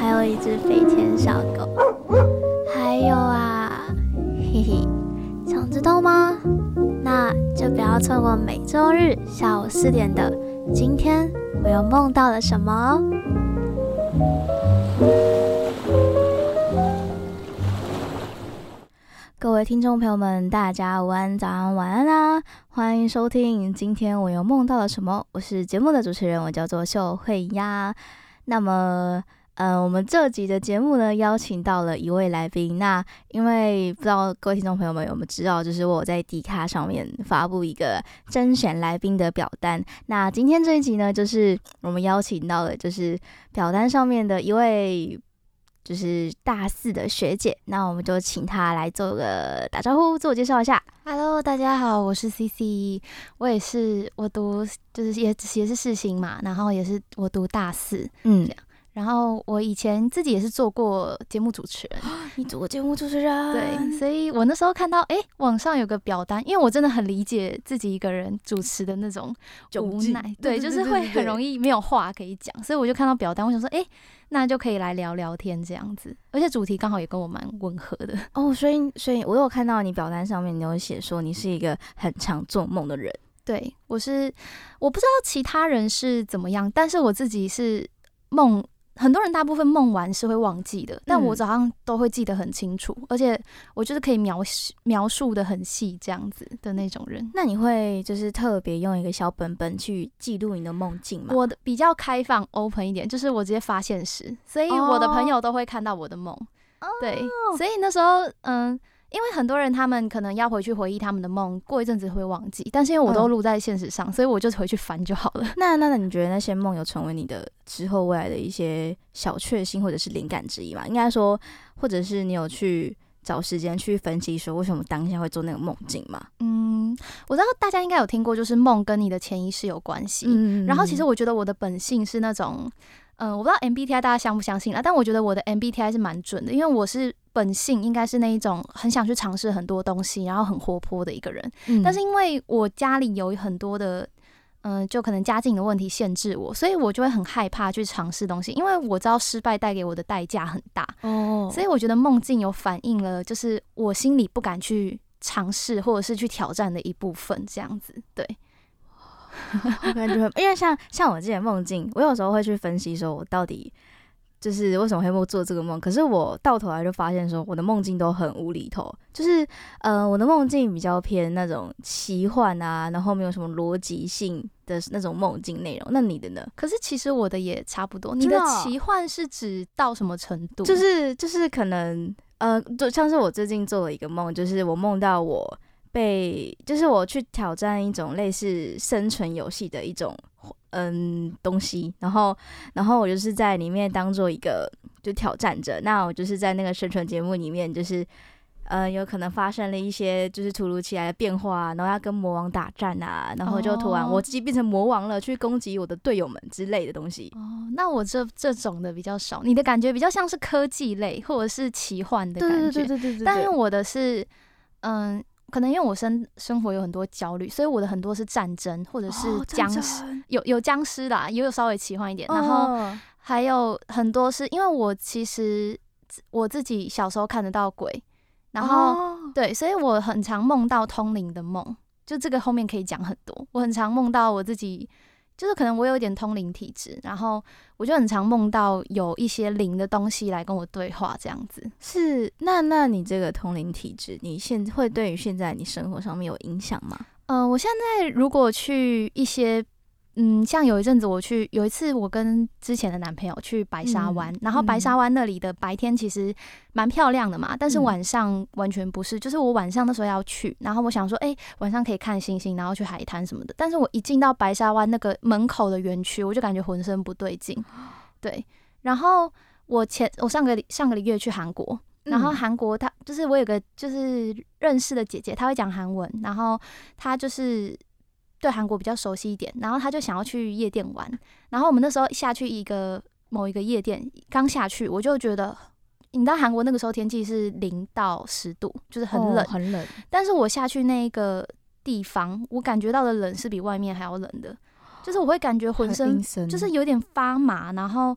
還有一隻飛天小狗，還有啊，嘿嘿，想知道嗎？那就不要錯過每周日下午四點的《今天我又夢到了什麼》。各位聽眾朋友們，大家午安、早安、晚安啦、啊！歡迎收聽《今天我又夢到了什麼》，我是節目的主持人，我叫做秀惠鴨。那麼。嗯、呃，我們這集的節目呢，邀請到了一位來賓。那因為不知道各位聽眾朋友們有沒有知道，就是我在 Dcard 上面發布一個甄選來賓的表單。那今天這一集呢，就是我們邀請到了就是表單上面的一位，就是大四的學姐。那我們就請她來做個打招呼，自我介紹一下。Hello，大家好，我是 CC，我也是我讀，就是也也是四星嘛，然後也是我讀大四，嗯。然後我以前自己也是做過節目主持人，哦、你做過節目主持人，對，所以我那時候看到，哎，網上有個表單，因為我真的很理解自己一個人主持的那種就無奈對，對，就是會很容易沒有話可以講，對對對對對所以我就看到表單，我想說，哎，那就可以來聊聊天這樣子，而且主題剛好也跟我蠻吻合的哦。所以，所以我有看到你表單上面，你有寫說你是一個很常做夢的人，對我是，我不知道其他人是怎麼樣，但是我自己是夢。很多人大部分夢完是會忘記的，但我早上都會記得很清楚，嗯、而且我就是可以描述描述得很細這樣子的那種人。那你會就是特別用一個小本本去記錄你的夢境嗎？我比較開放 open 一點，就是我直接發現實，所以我的朋友都會看到我的夢。Oh. 對，所以那時候，嗯。因為很多人他們可能要回去回憶他們的夢，過一陣子會忘記，但是因為我都錄在現實上，嗯，所以我就回去翻就好了。那那那，你覺得那些夢有成為你的之後未來的一些小確幸或者是靈感之一嗎？應該說，或者是你有去找時間去分析說為什麼當下會做那個夢境嗎？嗯，我知道大家應該有聽過，就是夢跟你的潛意識有關係。嗯。然後其實我覺得我的本性是那種，嗯、呃，我不知道 MBTI 大家相不相信啊，但我覺得我的 MBTI 是蠻準的，因為我是。本性應該是那一種很想去嘗試很多東西，然後很活潑的一個人、嗯。但是因為我家裡有很多的，嗯、呃，就可能家境的問題限制我，所以我就會很害怕去嘗試東西，因為我知道失敗帶給我的代價很大、哦。所以我覺得夢境有反映了，就是我心裡不敢去嘗試或者是去挑戰的一部分，這樣子。對， 我感覺，因為像像我這些夢境，我有時候會去分析，說我到底。就是為什麼會做這個夢？可是我到頭來就發現，說我的夢境都很無厘頭。就是，嗯、呃，我的夢境比較偏那種奇幻啊，然後沒有什麼邏輯性的那種夢境內容。那你的呢？可是其實我的也差不多。你的奇幻是指到什麼程度？是程度就是就是可能，呃，就像是我最近做了一個夢，就是我夢到我。被就是我去挑戰一種類似生存遊戲的一種嗯，東西，然後然後我就是在裡面當做一個就挑戰者，那我就是在那個生存節目裡面，就是呃、嗯、有可能發生了一些就是突如其來的變化，啊，然後要跟魔王打戰啊，然後就突然我自己變成魔王了，去攻擊我的隊友們之類的東西。哦，那我這這種的比較少，你的感覺比較像是科技類或者是奇幻的感覺，對對對對對對，對，對，對，對，對。但是我的是嗯。可能因為我生生活有很多焦慮，所以我的很多是戰爭，或者是僵屍，哦，有有僵屍啦，也有稍微奇幻一點，哦，然後還有很多是因為我其實我自己小時候看得到鬼，然後，哦，對，所以我很常夢到通靈的夢，就這個後面可以講很多，我很常夢到我自己。就是可能我有點通靈體質，然後我就很常夢到有一些靈的東西來跟我對話，這樣子。是，那那你這個通靈體質，你現會對於現在你生活上面有影響嗎？嗯、呃，我現在如果去一些。嗯，像有一陣子我去有一次，我跟之前的男朋友去白沙灣、嗯，然後白沙灣那裡的白天其實蠻漂亮的嘛、嗯，但是晚上完全不是。就是我晚上那時候要去，然後我想說，哎、欸，晚上可以看星星，然後去海灘什麼的。但是我一進到白沙灣那個門口的園區，我就感覺渾身不對勁。對，然後我前我上個上個禮月去韓國，然後韓國他、嗯、就是我有個就是認識的姐姐，她會講韓文，然後她就是。對韓國比較熟悉一點，然後他就想要去夜店玩。然後我們那時候下去一個某一個夜店，剛下去我就覺得，你知道到韓國那個時候天氣是零到十度，就是很冷，哦，很冷。但是我下去那一個地方，我感覺到的冷是比外面還要冷的，就是我會感覺渾身就是有點發麻，然後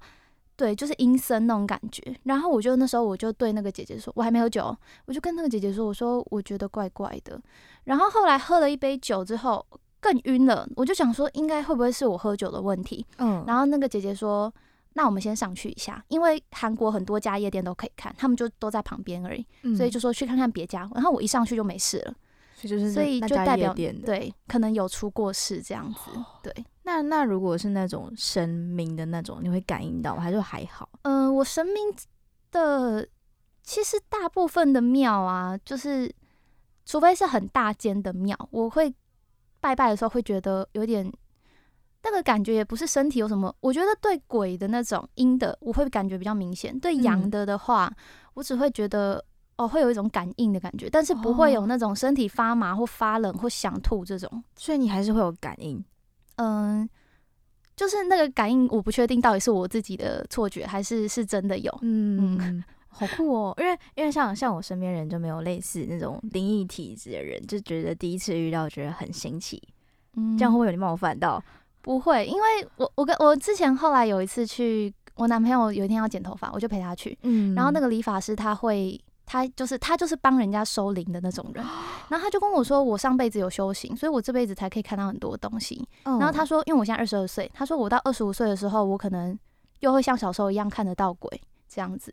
對，就是陰森那種感覺。然後我就那時候我就對那個姐姐說，我還沒有酒，我就跟那個姐姐說，我說我覺得怪怪的。然後後來喝了一杯酒之後，更暈了，我就想說，應該會不會是我喝酒的問題？嗯，然後那個姐姐說，那我們先上去一下，因為韓國很多家夜店都可以看，他們就都在旁邊而已，嗯，所以就說去看看別家。然後我一上去就沒事了，所以就是這，所以就代表那家夜店的，對，可能有出過事這樣子。對，哦、那那如果是那種神明的那種，你會感應到嗎？還是說還好。嗯、呃，我神明的其實大部分的廟啊，就是除非是很大間的廟，我會。拜拜的時候會覺得有點，那個感覺也不是身體有什麼，我覺得對鬼的那種陰的，我會感覺比較明顯。對陽的的話，我只會覺得哦，會有一種感應的感覺，但是不會有那種身體發麻或發冷或想吐這種。所以你還是會有感應，嗯，就是那個感應，我不確定到底是我自己的錯覺還是是真的有，嗯嗯。好酷哦！因為因為像像我身邊人就沒有類似那種靈異體質的人，就覺得第一次遇到覺得很新奇。嗯，這樣會不會有點冒犯到？嗯，不會，因為我我跟我之前後來有一次去，我男朋友有一天要剪頭髮，我就陪他去。嗯，然後那個理髮師他會他就是他就是幫人家收靈的那種人，然後他就跟我說，我上輩子有修行，所以我這輩子才可以看到很多東西。然後他說，因為我現在二十二歲，他說我到二十五歲的時候，我可能又會像小時候一樣看得到鬼這樣子。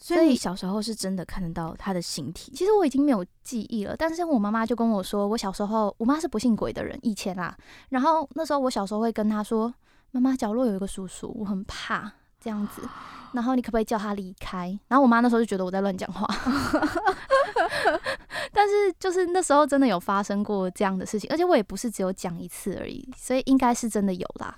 所以，所以小時候是真的看得到他的形體。其實我已經沒有記憶了，但是像我媽媽就跟我說，我小時候，我媽是不信鬼的人，以前啦。然後那時候我小時候會跟她說，媽媽，角落有一個叔叔，我很怕這樣子。然後你可不可以叫他離開？然後我媽那時候就覺得我在亂講話。 但是就是那時候真的有發生過這樣的事情，而且我也不是只有講一次而已，所以應該是真的有啦。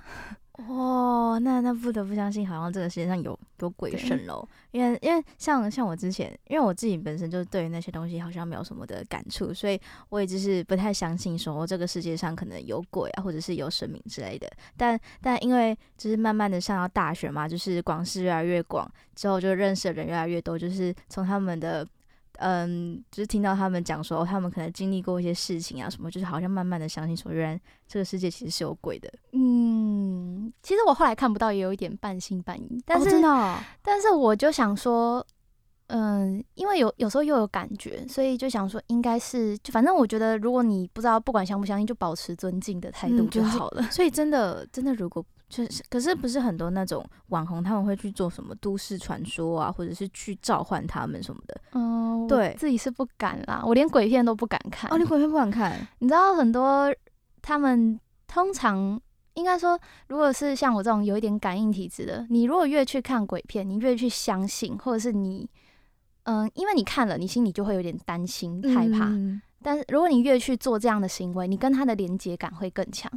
哦，那那不得不相信，好像這個世界上有有鬼神咯因為，因為像像我之前，因為我自己本身就是對於那些東西好像沒有什麼的感觸，所以我也就是不太相信說，哦，這個世界上可能有鬼啊，或者是有神明之類的。但但因為就是慢慢的上到大學嘛，就是廣識越來越廣，之後就認識的人越來越多，就是從他們的。嗯，就是聽到他們講說，他們可能經歷過一些事情啊，什麼，就是好像慢慢的相信說，原來這個世界其實是有鬼的。嗯，其實我後來看不到，也有一點半信半疑。但是、哦真的哦，但是我就想說，嗯，因為有有時候又有感覺，所以就想說，應該是，就反正我覺得，如果你不知道，不管相不相信，就保持尊敬的態度就好了。嗯就是、所以，真的，真的，如果。就是，可是不是很多那種網紅，他們會去做什麼都市傳說啊，或者是去召喚他們什麼的。哦、呃，對，自己是不敢啦，我連鬼片都不敢看。哦，你鬼片不敢看。你知道很多他們通常應該說，如果是像我這種有一點感應體質的，你如果越去看鬼片，你越去相信，或者是你嗯，因為你看了，你心裡就會有點擔心、害怕，嗯。但是如果你越去做這樣的行為，你跟他的連接感會更強。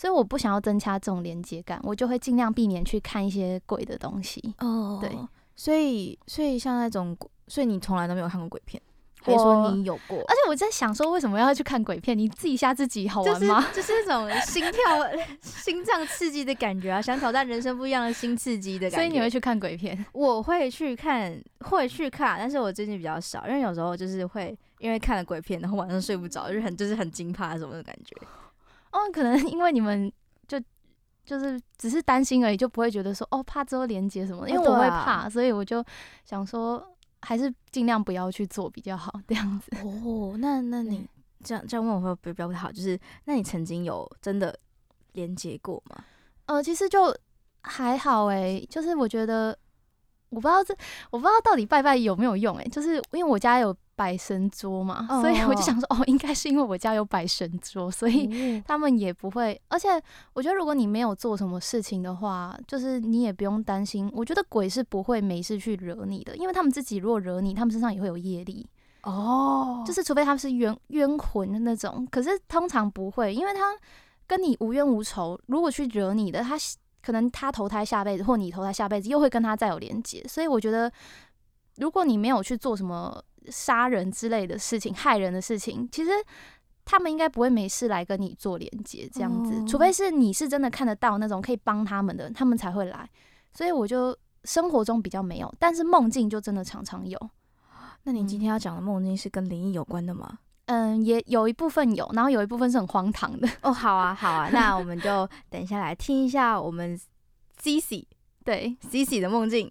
所以我不想要增加這種連接感，我就會盡量避免去看一些鬼的東西。哦，對，所以，所以像那種，所以你從來都沒有看過鬼片，別說你有過。而且我在想，說為什麼要去看鬼片？你自己嚇自己好玩嗎？就是、就是、那種心跳、 心臟刺激的感覺啊，想挑戰人生不一樣的新刺激的感覺。所以你會去看鬼片？我會去看，會去看，但是我最近比較少，因為有時候就是會因為看了鬼片，然後晚上睡不着，就很就是很驚怕、就是、什麼的感覺。哦，可能因為你們就就是只是擔心而已，就不會覺得說哦怕之後連接什麼，因為我會怕，哦啊、所以我就想說還是盡量不要去做比較好這樣子。哦，那那你這樣這樣問我會不會比較不太好？就是那你曾經有真的連接過嗎？呃，其實就還好誒、欸，就是我覺得我不知道這我不知道到底拜拜有沒有用誒、欸，就是因為我家有。擺神桌嘛，Oh. 所以我就想說，哦，應該是因為我家有擺神桌，所以他們也不會。而且我覺得，如果你沒有做什麼事情的話，就是你也不用擔心。我覺得鬼是不會沒事去惹你的，因為他們自己如果惹你，他們身上也會有業力哦。Oh. 就是除非他們是冤冤魂的那種，可是通常不會，因為他跟你無冤無仇。如果去惹你的，他可能他投胎下輩子，或你投胎下輩子又會跟他再有連接。所以我覺得，如果你沒有去做什麼。殺人之類的事情，害人的事情，其實他們應該不會沒事來跟你做連接，這樣子。哦，除非是你是真的看得到那種可以幫他們的，他們才會來。所以我就生活中比較沒有，但是夢境就真的常常有。那你今天要講的夢境是跟靈異有關的嗎？嗯，也有一部分有，然後有一部分是很荒唐的。哦，好啊，好啊， 那我們就等一下來聽一下我們 CC 對 CC 的夢境。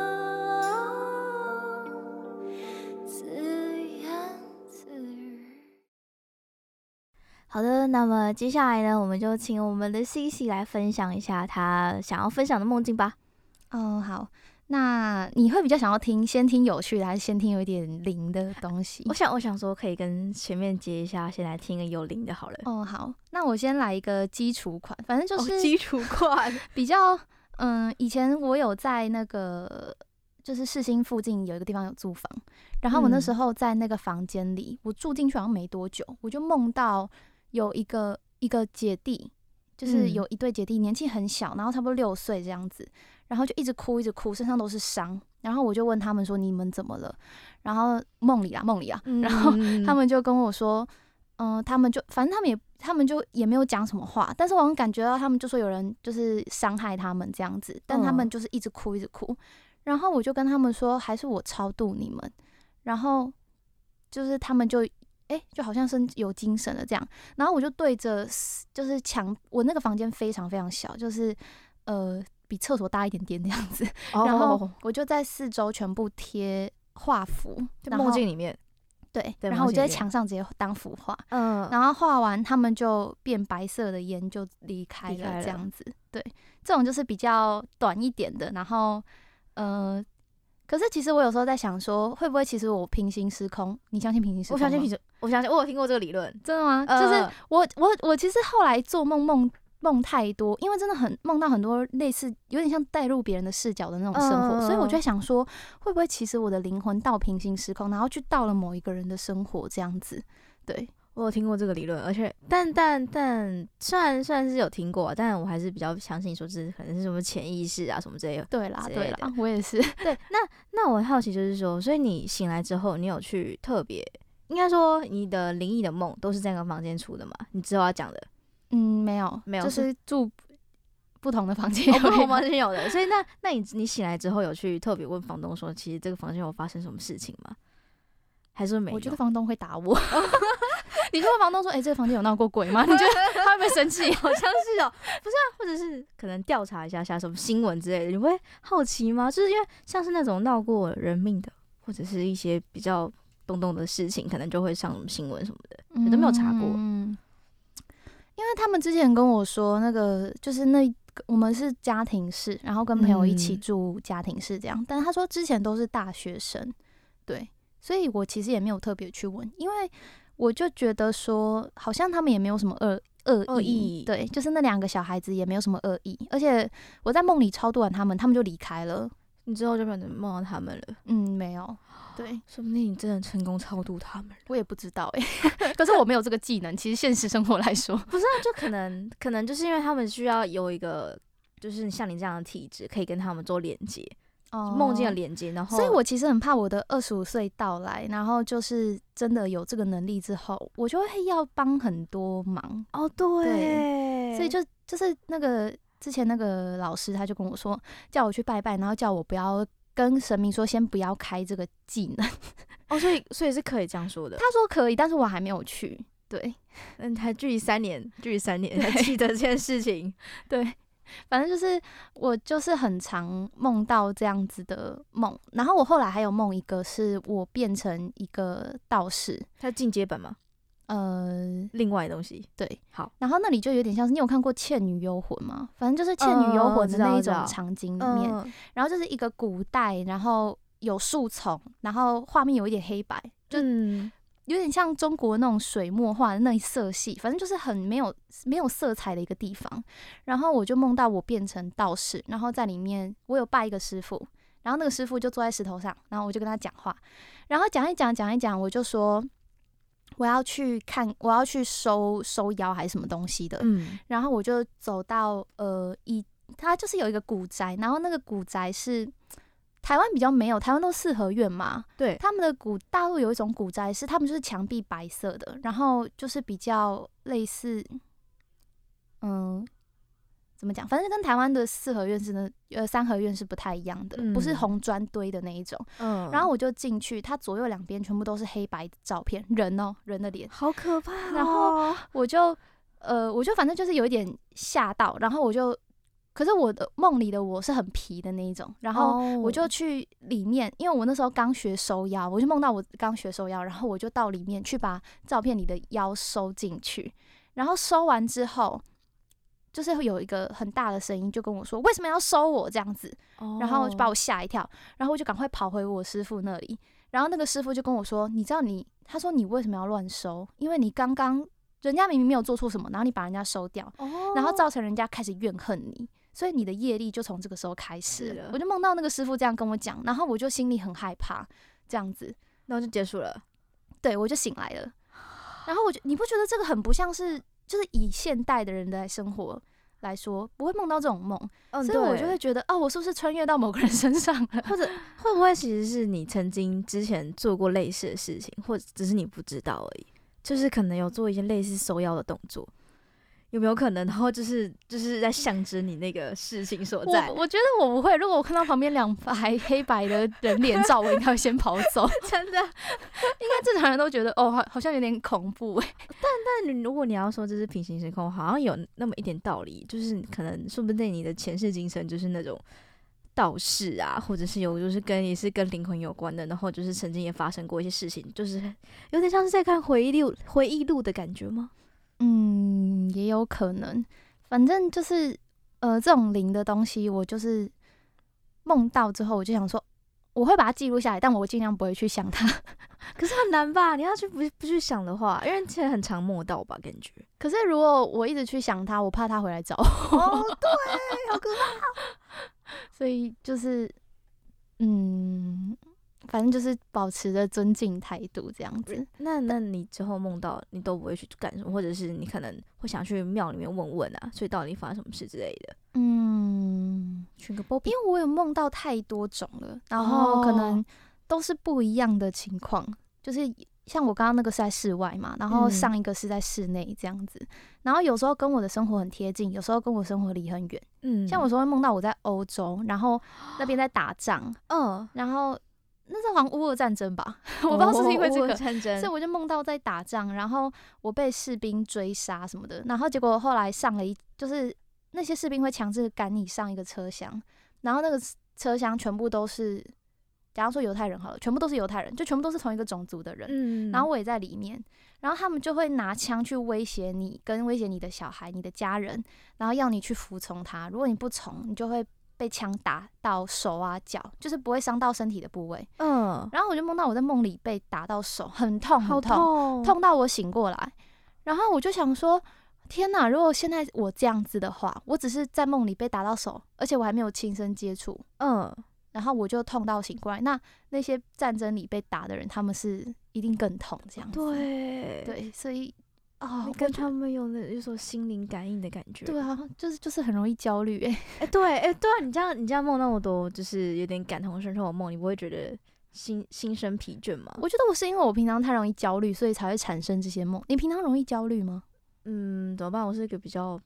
好的，那麼接下來呢，我們就請我們的 C C 來分享一下他想要分享的夢境吧。嗯、哦，好。那你會比較想要聽先聽有趣的，還是先聽有一點靈的東西？我想，我想說可以跟前面接一下，先來聽個有靈的好了。哦，好。那我先來一個基礎款，反正就是、哦、基礎款 比較。嗯，以前我有在那個就是世新附近有一個地方有住房，然後我那時候在那個房間裡，嗯、我住進去好像沒多久，我就夢到。有一個一個姐弟，就是有一對姐弟，年紀很小，然後差不多六歲這樣子，然後就一直哭，一直哭，身上都是傷，然後我就問他們說：“你們怎麼了？”然後夢裡啊，夢裡啊，然後他們就跟我說：“嗯、呃，他們就反正他們也，他們就也沒有講什麼話，但是我好像感覺到他們就說有人就是傷害他們這樣子，但他們就是一直哭，一直哭，然後我就跟他們說：“還是我超度你們。”然後就是他們就。欸、就好像是有精神了這樣，然後我就對着就是牆，我那個房間非常非常小，就是呃比廁所大一點點的樣子，然後我就在四周全部貼畫幅，在夢境裡面，對，然後我就在牆上直接當幅畫，嗯，然後畫完他們就變白色的煙就離開了這樣子，對，這種就是比較短一點的，然後嗯、呃。可是其實我有時候在想說，會不會其實我平行時空？你相信平行時空嗎？我相信平，我相信我有聽過這個理論。真的嗎？呃、就是我我我其實後來做夢夢夢太多，因為真的很夢到很多類似有點像帶入別人的視角的那種生活，呃、所以我就在想說，會不會其實我的靈魂到平行時空，然後去到了某一個人的生活這樣子，對。我有聽過這個理論，而且，但但但，雖然雖然是有聽過，啊，但我還是比較相信說是可能是什麼潛意識啊什麼之類的。對啦，對啦，我也是。對，那那我很好奇就是說，所以你醒來之後，你有去特別，應該說你的靈異的夢都是在那個房間出的嘛？你之後要講的，嗯，沒有，沒有，就是住不同的房間，哦。不同房間有的， 所以那那你你醒來之後有去特別問房東說，其實這個房間有發生什麼事情嗎？還是沒有？我覺得房東會打我。 你跟房東說：“哎、欸，這個房間有鬧過鬼嗎？”你覺得他會不會生氣？好像是哦、喔， 不是啊，或者是可能調查一下下什麼新聞之類的，你會好奇嗎？就是因為像是那種鬧過人命的，或者是一些比較動動的事情，可能就會上新聞什麼的，你都沒有查過。嗯，因為他們之前跟我說，那個就是那個、我們是家庭式，然後跟朋友一起住家庭式這樣，嗯、但是他說之前都是大學生，對，所以我其實也沒有特別去問，因為。我就覺得說，好像他們也沒有什麼惡惡意、意，對，就是那兩個小孩子也沒有什麼惡意，而且我在夢裡超度完他們，他們就離開了。你之後就沒能夢到他們了？嗯，沒有。對，說不定你真的成功超度他們了，我也不知道哎、欸。 可是我沒有這個技能，其實現實生活來說， 不是、啊，就可能可能就是因為他們需要有一個，就是像你這樣的體質，可以跟他們做連接。夢、oh, 境的連接，然後，所以我其實很怕我的二十五歲到來，然後就是真的有這個能力之後，我就會要幫很多忙。哦、oh,，對，所以就就是那個之前那個老師他就跟我說，叫我去拜拜，然後叫我不要跟神明說先不要開這個技能。哦、oh,，所以所以是可以這樣說的，他說可以，但是我還沒有去。對，嗯，還距離三年，距離三年還記得這件事情，對。反正就是我就是很常夢到這樣子的夢，然後我後來還有夢一個是我變成一個道士，它進階版嗎？呃，另外一個東西，對，好。然後那裡就有點像是你有看過《倩女幽魂》嗎？反正就是《倩女幽魂》的那一種場景裡面，呃呃、然後就是一個古代，然後有樹叢，然後畫面有一點黑白，就。嗯有點像中國那種水墨畫的那一色系，反正就是很沒有沒有色彩的一個地方。然後我就夢到我變成道士，然後在裡面我有拜一個師傅，然後那個師傅就坐在石頭上，然後我就跟他講話，然後講一講講一講，我就說我要去看我要去收收妖還是什麼東西的。嗯，然後我就走到呃一，他就是有一個古宅，然後那個古宅是。台灣比較沒有，台灣都四合院嘛。對，他們的古大陸有一種古宅是他們就是牆壁白色的，然後就是比較類似，嗯，怎麼講？反正跟台灣的四合院是呢，呃，三合院是不太一樣的，嗯，不是紅磚堆的那一種。嗯，然後我就進去，它左右兩邊全部都是黑白照片，人哦，人的臉，好可怕哦。然後我就，呃，我就反正就是有一點嚇到，然後我就。可是我的夢裡的我是很皮的那一種，然後我就去裡面，oh. 因為我那時候剛學收腰，我就夢到我剛學收腰，然後我就到裡面去把照片裡的腰收進去，然後收完之後，就是有一個很大的聲音就跟我說，為什麼要收我這樣子，oh. 然後就把我嚇一跳，然後我就趕快跑回我師父那裡，然後那個師父就跟我說，你知道你，他說你為什麼要亂收，因為你剛剛人家明明沒有做錯什麼，然後你把人家收掉，oh. 然後造成人家開始怨恨你。所以你的業力就從這個時候開始了。我就夢到那個師傅這樣跟我講，然後我就心裡很害怕，這樣子，那我就結束了。對，我就醒來了。然後我就……你不覺得這個很不像是就是以現代的人的生活來說，不會夢到這種夢？嗯，所以我就會覺得，哦，我是不是穿越到某個人身上了，或者會不會其實是你曾經之前做過類似的事情，或者只是你不知道而已，就是可能有做一些類似收腰的動作。有沒有可能？然後就是就是在象徵你那個事情所在我。我覺得我不會，如果我看到旁邊兩白黑白的人臉照，我應該會先跑走。 真的，應該正常人都覺得哦好，好像有點恐怖哎。但但你如果你要說這是平行時空，好像有那麼一點道理。就是可能說不定你的前世今生就是那種道士啊，或者是有就是跟也是跟靈魂有關的，然後就是曾經也發生過一些事情，就是有點像是在看回憶錄回憶錄的感覺嗎？嗯，也有可能，反正就是，呃，這種靈的東西，我就是夢到之後，我就想說，我會把它記錄下來，但我盡量不會去想它， 可是很難吧？你要去不不去想的話，因為其實很常夢到吧，感覺。 可是如果我一直去想它，我怕它回來找我。哦、 oh,，對，好可怕。 所以就是，嗯。反正就是保持着尊敬態度這樣子。那那你之後夢到你都不會去幹什麼，或者是你可能會想去廟裡面問問啊，所以到底發生什麼事之類的。嗯，選個波因為我有夢到太多種了，然後可能都是不一樣的情況，哦。就是像我剛剛那個是在室外嘛，然後上一個是在室內這樣子，嗯。然後有時候跟我的生活很貼近，有時候跟我生活離很遠。嗯，像我有時候會夢到我在歐洲，然後那邊在打仗。嗯、哦，然後。那是好像烏俄戰爭吧？ 我不知道是不是因為這個，所以我就夢到在打仗，然後我被士兵追殺什麼的，然後結果後來上了一，就是那些士兵會強制趕你上一個車廂，然後那個車廂全部都是，假如說猶太人好了，全部都是猶太人，就全部都是同一個種族的人，嗯，然後我也在裡面，然後他們就會拿槍去威脅你，跟威脅你的小孩、你的家人，然後要你去服從他，如果你不從，你就會。被槍打到手啊腳，就是不會傷到身體的部位。嗯，然後我就夢到我在夢裡被打到手，很痛，很痛，很痛，痛到我醒過來。然後我就想說，天哪！如果現在我這樣子的話，我只是在夢裡被打到手，而且我還沒有親身接觸。嗯，然後我就痛到醒過來。那那些戰爭裡被打的人，他們是一定更痛這樣子。對，對，所以。哦，你跟他們有那有所心靈感應的感覺？我覺得。對啊，就是就是很容易焦慮哎哎，對哎、欸、對啊，你這樣你這樣夢那麼多，就是有點感同身受的夢，你不會覺得心心生疲倦嗎？我覺得我是因為我平常太容易焦慮，所以才會產生這些夢。你平常容易焦慮嗎？嗯，怎麼辦？我是一個比較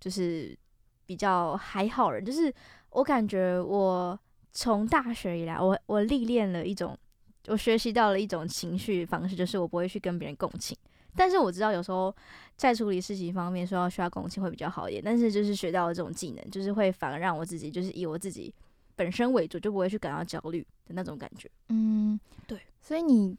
就是比較還好的人，就是我感覺我從大學以來我，我我歷練了一種，我學習到了一種情緒方式，就是我不會去跟別人共情。但是我知道，有時候在處理事情方面，說要需要共情會比較好一點。但是就是學到這種技能，就是會反而讓我自己就是以我自己本身為主，就不會去感到焦慮的那種感覺。嗯，對。所以你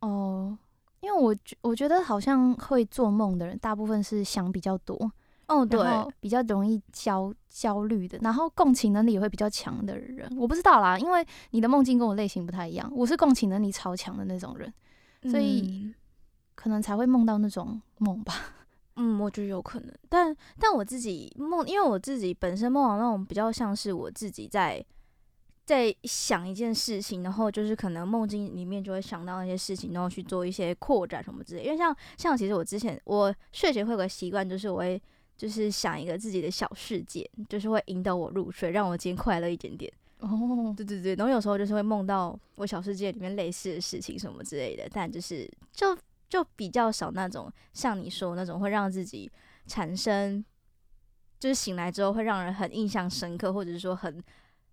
哦、呃，因為我我覺得好像會做夢的人，大部分是想比較多，哦，對，比較容易焦焦慮的，然後共情能力也會比較強的人。我不知道啦，因為你的夢境跟我類型不太一樣。我是共情能力超強的那種人，所以。嗯。可能才會夢到那種夢吧，嗯，我覺得有可能，但但我自己夢，因為我自己本身夢到那種比較像是我自己在在想一件事情，然後就是可能夢境裡面就會想到那些事情，然後去做一些擴展什麼之類的。因為像像其實我之前我睡前會有個習慣，就是我會就是想一個自己的小世界，就是會引導我入睡，讓我今天快樂一點點。哦，對對對，然後有時候就是會夢到我小世界裡面類似的事情什麼之類的，但就是就，就比較少那種像你說的那種會讓自己產生，就是醒來之後會讓人很印象深刻，或者是說很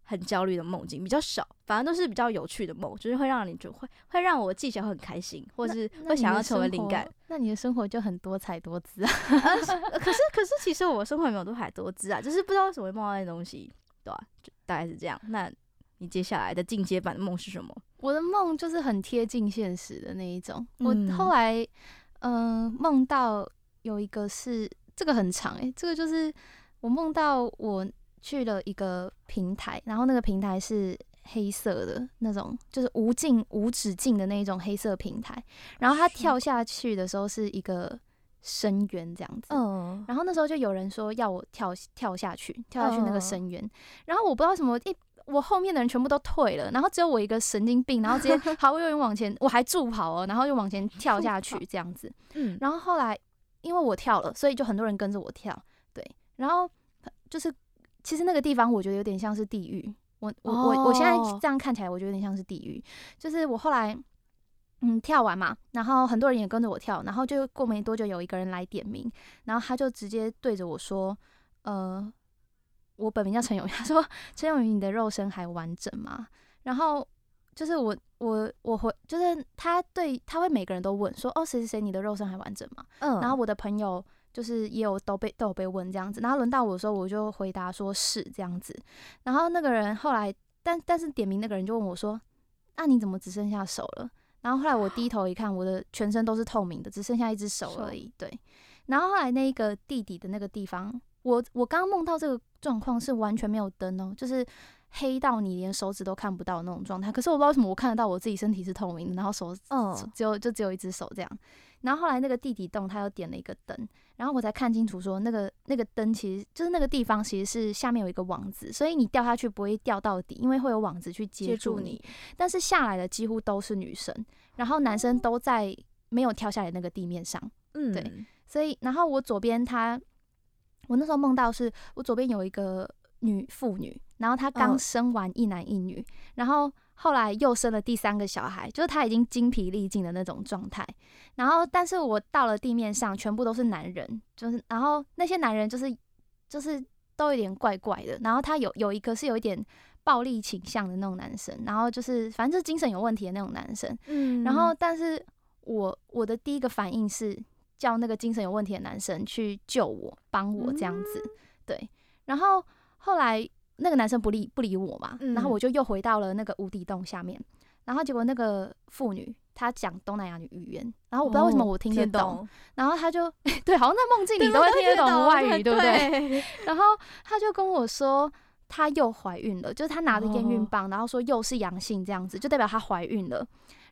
很焦慮的夢境比較少，反正都是比較有趣的夢，就是會讓你就會會讓我記起來很開心，或者是會想要成為靈感那那。那你的生活就很多彩多姿啊！ 可是可是其實我生活沒有多彩多姿啊， 就是不知道為什麼會夢到那東西，對吧、啊？就大概是這樣。那你接下來的進階版的夢是什麼？我的夢就是很貼近現實的那一種。嗯。我後來，嗯，呃，夢到有一個是這個很長誒，欸，這個就是我夢到我去了一個平台，然後那個平台是黑色的那種，就是無盡無止境的那一種黑色平台。然後他跳下去的時候是一個深淵這樣子。嗯。然後那時候就有人說要我跳，跳下去，跳下去那個深淵。嗯。然後我不知道什麼，欸我後面的人全部都退了，然後只有我一個神經病，然後直接毫不猶豫往前， 我還助跑哦，然後又往前跳下去這樣子。嗯，然後後來因為我跳了，所以就很多人跟着我跳，對。然後就是其實那個地方我覺得有點像是地獄，我我、哦、我我現在這樣看起來我覺得有點像是地獄。就是我後來嗯跳完嘛，然後很多人也跟着我跳，然後就過沒多久有一個人來點名，然後他就直接對着我說，呃。我本名叫陳永宇，他說：“陳永宇，你的肉身還完整嗎？”然後就是我我我回，就是他對他會每個人都問說：“哦，誰誰誰，你的肉身還完整嗎？”嗯。然後我的朋友就是也有都被都有被問這樣子。然後輪到我的時候，我就回答說是這樣子。然後那個人後來，但但是點名那個人就問我說：“那你怎麼只剩下手了？”然後後來我低頭一看，我的全身都是透明的，只剩下一隻手而已。對。然後後來那個地底的那個地方，我我剛夢到這個。狀況是完全沒有燈哦、喔，就是黑到你連手指都看不到那種狀態。可是我不知道為什麼，我看得到我自己身體是透明的，然後手，哦、嗯，只有就只有一隻手這樣。然後後來那個地底洞他又點了一個燈，然後我才看清楚說、那個，那個那個燈其實就是那個地方其實是下面有一個網子，所以你掉下去不會掉到底，因為會有網子去接住你。住你，但是下來的幾乎都是女生，然後男生都在沒有跳下來那個地面上。嗯，對。所以然後我左邊他。我那時候夢到是我左邊有一個女婦女，然後她剛生完一男一女，Oh. 然後後來又生了第三個小孩，就是她已經精疲力盡的那種狀態。然後，但是我到了地面上，全部都是男人，就是，然後那些男人就是，就是都有點怪怪的。然後他有有一個是有一點暴力傾向的那種男生，然後就是反正就是精神有問題的那種男生。嗯、mm-hmm.，然後，但是我我的第一個反應是叫那個精神有問題的男生去救我，幫我這樣子，嗯，對。然後後來那個男生不理不理我嘛，嗯，然後我就又回到了那個無底洞下面。然後結果那個婦女她講東南亞語言，然後我不知道為什麼我聽得懂。哦，然後她就，欸，對，好像在夢境裡都會聽得懂外語，對，對，對，對，對，對，對，對，對不對？ 然後她就跟我說，她又懷孕了，就是她拿着驗孕棒，哦，然後說又是陽性，這樣子就代表她懷孕了。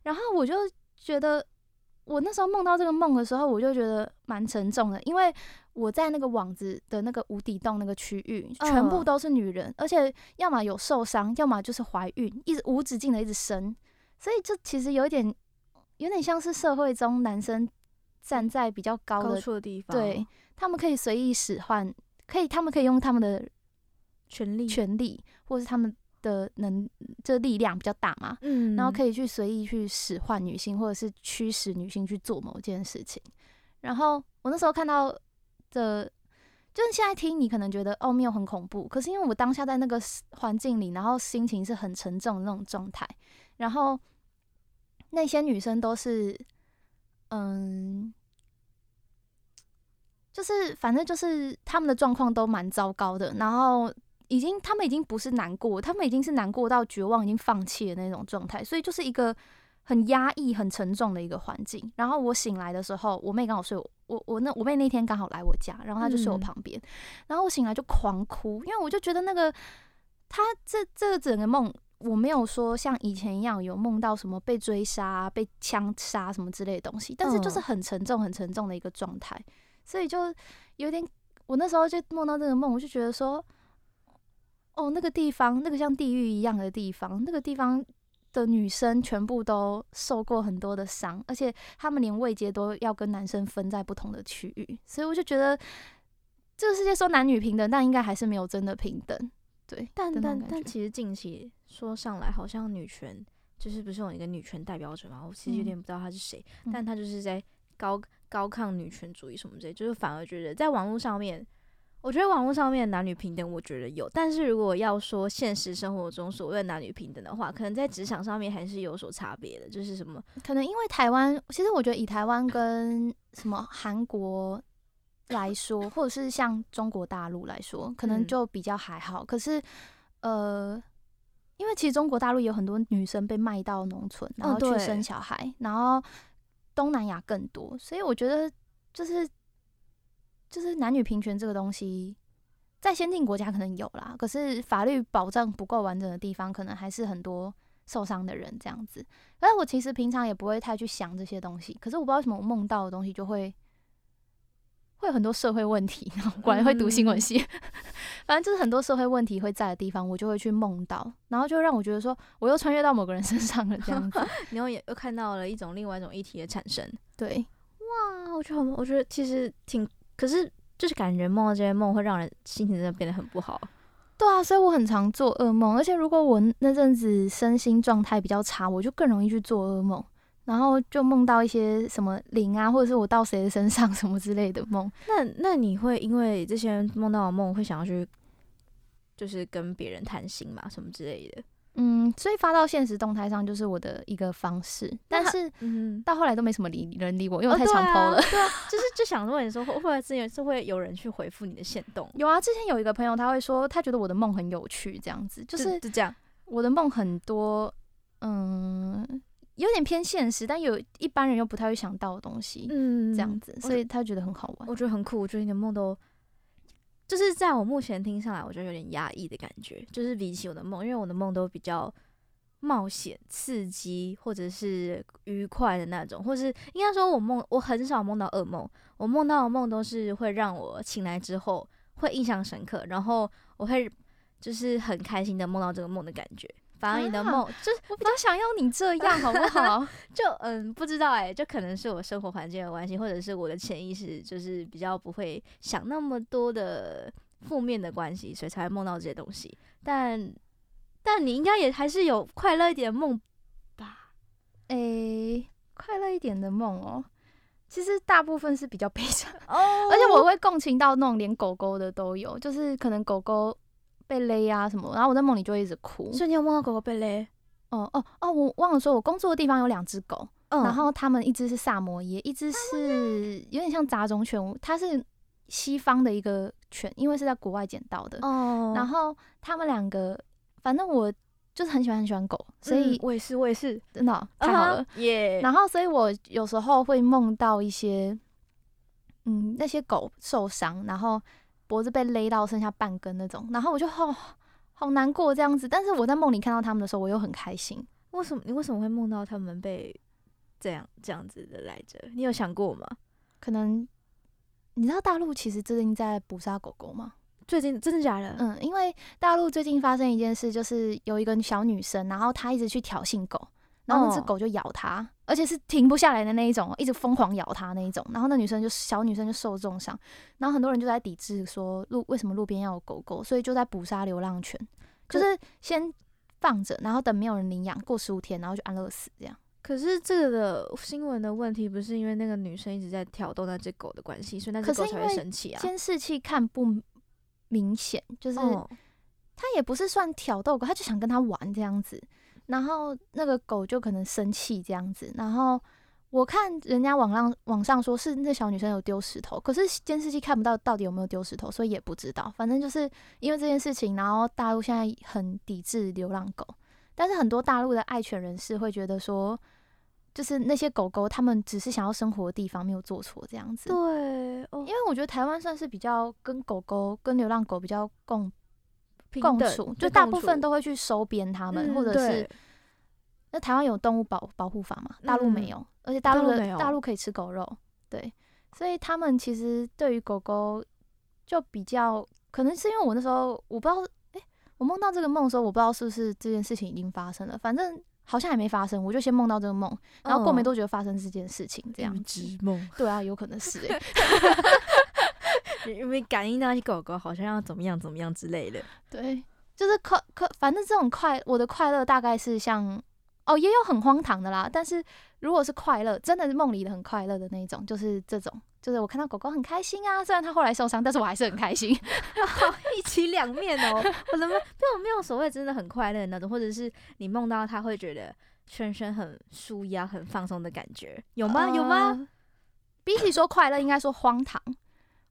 然後我就覺得。我那時候夢到這個夢的時候，我就覺得蠻沉重的，因為我在那個網子的那個無底洞那個區域，全部都是女人，而且要麼有受傷，要麼就是懷孕，一直無止境的一直生，所以這其實有一點，有點像是社會中男生站在比較高處的地方，對，他們可以隨意使喚，可以他們可以用他們的權力，權力，或者是他們。的能這力量比較大嘛，嗯，然後可以去隨意去使喚女性，或者是驅使女性去做某件事情。然後我那時候看到的，就是現在聽你可能覺得哦，沒有很恐怖。可是因為我當下在那個環境裡，然後心情是很沉重的那種狀態。然後那些女生都是，嗯、呃，就是反正就是他們的狀況都蠻糟糕的。然後。已經，他們已經不是難過，他們已經是難過到絕望，已經放棄的那種狀態，所以就是一個很壓抑、很沉重的一個環境。然後我醒來的時候，我妹剛好睡我，我那我妹那天剛好來我家，然後她就睡我旁邊、嗯。然後我醒來就狂哭，因為我就覺得那個她這這整個夢，我沒有說像以前一樣有夢到什麼被追殺、被槍殺什麼之類的東西，但是就是很沉重、很沉重的一個狀態，所以就有點我那時候就夢到這個夢，我就覺得說。哦，那個地方，那個像地獄一樣的地方，那個地方的女生全部都受過很多的傷，而且他們連慰藉都要跟男生分在不同的區域，所以我就覺得這個世界說男女平等，但應該還是沒有真的平等。對，但但但其實近期說上來，好像女權就是不是有一個女權代表者嘛？我其實有點不知道他是誰，嗯，但他就是在高高亢女權主義什麼之類，就是反而覺得在網絡上面。我覺得網絡上面的男女平等，我覺得有，但是如果要說現實生活中所謂男女平等的話，可能在職場上面還是有所差別的。就是什麼，可能因為台灣，其實我覺得以台灣跟什麼韓 國來說，或者是像中國大陸來說，可能就比較還好。嗯、可是，呃，因為其實中國大陸有很多女生被賣到農村，然後去生小孩，嗯、然後東南亞更多，所以我覺得就是。就是男女平權這個東西，在先進國家可能有啦，可是法律保障不夠完整的地方，可能還是很多受傷的人這樣子。但我其實平常也不會太去想這些東西，可是我不知道為什麼我夢到的東西，就會會有很多社會問題。然後果然會讀新聞系、嗯，反正就是很多社會問題會在的地方，我就會去夢到，然後就讓我覺得說，我又穿越到某個人身上了這樣子，然 後也又看到了一種另外一種議題的產生。對，哇，我覺得我覺得其實挺。可是，就是感覺夢到這些夢會讓人心情真的變得很不好。對啊，所以我很常做噩夢。而且，如果我那陣子身心狀態比較差，我就更容易去做噩夢，然後就夢到一些什麼靈啊，或者是我到誰的身上什麼之類的夢。那那你會因為這些夢到的夢，會想要去就是跟別人談心嘛，什麼之類的？嗯，所以發到限時動態上就是我的一個方式，但是，嗯，到後來都沒什麼理人理我，因為我太常 po 了、哦對啊。對啊，就是就想問你說，會 不會之前是會有人去回覆你的限動。有啊，之前有一個朋友他會說，他覺得我的夢很有趣，這樣子，就是就,就這樣。我的夢很多，嗯，有點偏現實，但有一般人又不太會想到的東西，嗯，這樣子、嗯，所以他覺得很好玩。我覺得,我覺得很酷，我覺得你的夢都。就是在我目前聽上來，我就有點壓抑的感覺。就是比起我的夢，因為我的夢都比較冒險、刺激，或者是愉快的那種，或是應該說我夢，我很少夢到噩夢。我夢到的夢都是會讓我醒來之後會印象深刻，然後我會就是很開心的夢到這個夢的感覺。把、啊、你的夢、啊，就是我比較想要你這樣，好不好？ 就嗯，不知道哎、欸，就可能是我生活環境的關係，或者是我的潛意識就是比較不會想那麼多的負面的關係，所以才會夢到這些東西。但但你應該也還是有快樂一點的夢吧？誒、欸，快樂一點的夢哦、喔，其實大部分是比較悲傷哦，而且我會共情到那種連狗狗的都有，就是可能狗狗。被勒啊，什麼？然後我在夢裡就會一直哭。所以你有夢到狗狗被勒？嗯、哦哦哦！我忘了說，我工作的地方有兩只狗、嗯，然後它們一只是薩摩耶，一只是有點像雜種犬，它是西方的一個犬，因為是在國外撿到的。哦、嗯。然後它們兩個，反正我就是很喜歡很喜歡狗，所以、嗯、我也是我也是，真的太好了耶。Uh-huh. Yeah. 然後所以我有時候會夢到一些，嗯，那些狗受傷，然後。脖子被勒到剩下半根那種，然後我就好好難過這樣子。但是我在夢裡看到他們的時候，我又很開心。為什麼？你為什麼會夢到他們被這樣這樣子的來着？你有想過嗎？可能你知道大陸其實最近在捕殺狗狗嗎？最近真的假的？嗯，因為大陸最近發生一件事，就是有一個小女生，然後她一直去挑釁狗，然後那只狗就咬她。哦而且是停不下來的那一種，一直瘋狂咬它那一種，然後那女生就小女生就受重傷，然後很多人就在抵制說路為什麼路邊要有狗狗，所以就在捕殺流浪犬，就是先放着，然後等沒有人領養，過十五天然後就安樂死這樣。可是這個的新聞的問題不是因為那個女生一直在挑逗那只狗的關係，所以那個狗才會生氣啊？監視器看不明顯，就是他也不是算挑逗狗，他就想跟他玩這樣子。然後那個狗就可能生氣這樣子，然後我看人家網上網上說是那小女生有丟石頭，可是監視器看不到到底有沒有丟石頭，所以也不知道。反正就是因為這件事情，然後大陸現在很抵制流浪狗，但是很多大陸的愛犬人士會覺得說，就是那些狗狗他們只是想要生活的地方沒有做錯這樣子。對，哦。因為我覺得台灣算是比較跟狗狗、跟流浪狗比較共。共處，就大部分都會去收編他們、嗯，或者是。那台灣有動物保保護法嘛？大陸沒有、嗯，而且大陸大陸可以吃狗肉，對。所以他們其實對於狗狗就比較可能是因為我那時候我不知道，欸、我夢到這個夢的時候，我不知道是不是這件事情已經發生了，反正好像還沒發生，我就先夢到這個夢、嗯，然後過沒多久發生這件事情這樣。夢，對啊，有可能是、欸 有沒有感應到你狗狗好像要怎麼樣怎麼樣之類的？對，就是可可。反正這種快，我的快樂大概是像哦，也有很荒唐的啦。但是如果是快樂，真的是夢裡的很快樂的那一種，就是這種，就是我看到狗狗很開心啊。雖然它後來受傷，但是我還是很開心。然後 一起兩面哦、喔。我有沒有沒有所謂真的很快樂的那種，或者是你夢到它會覺得全身很舒壓、很放鬆的感覺，有嗎、呃？有嗎？比起說快樂，應該說荒唐。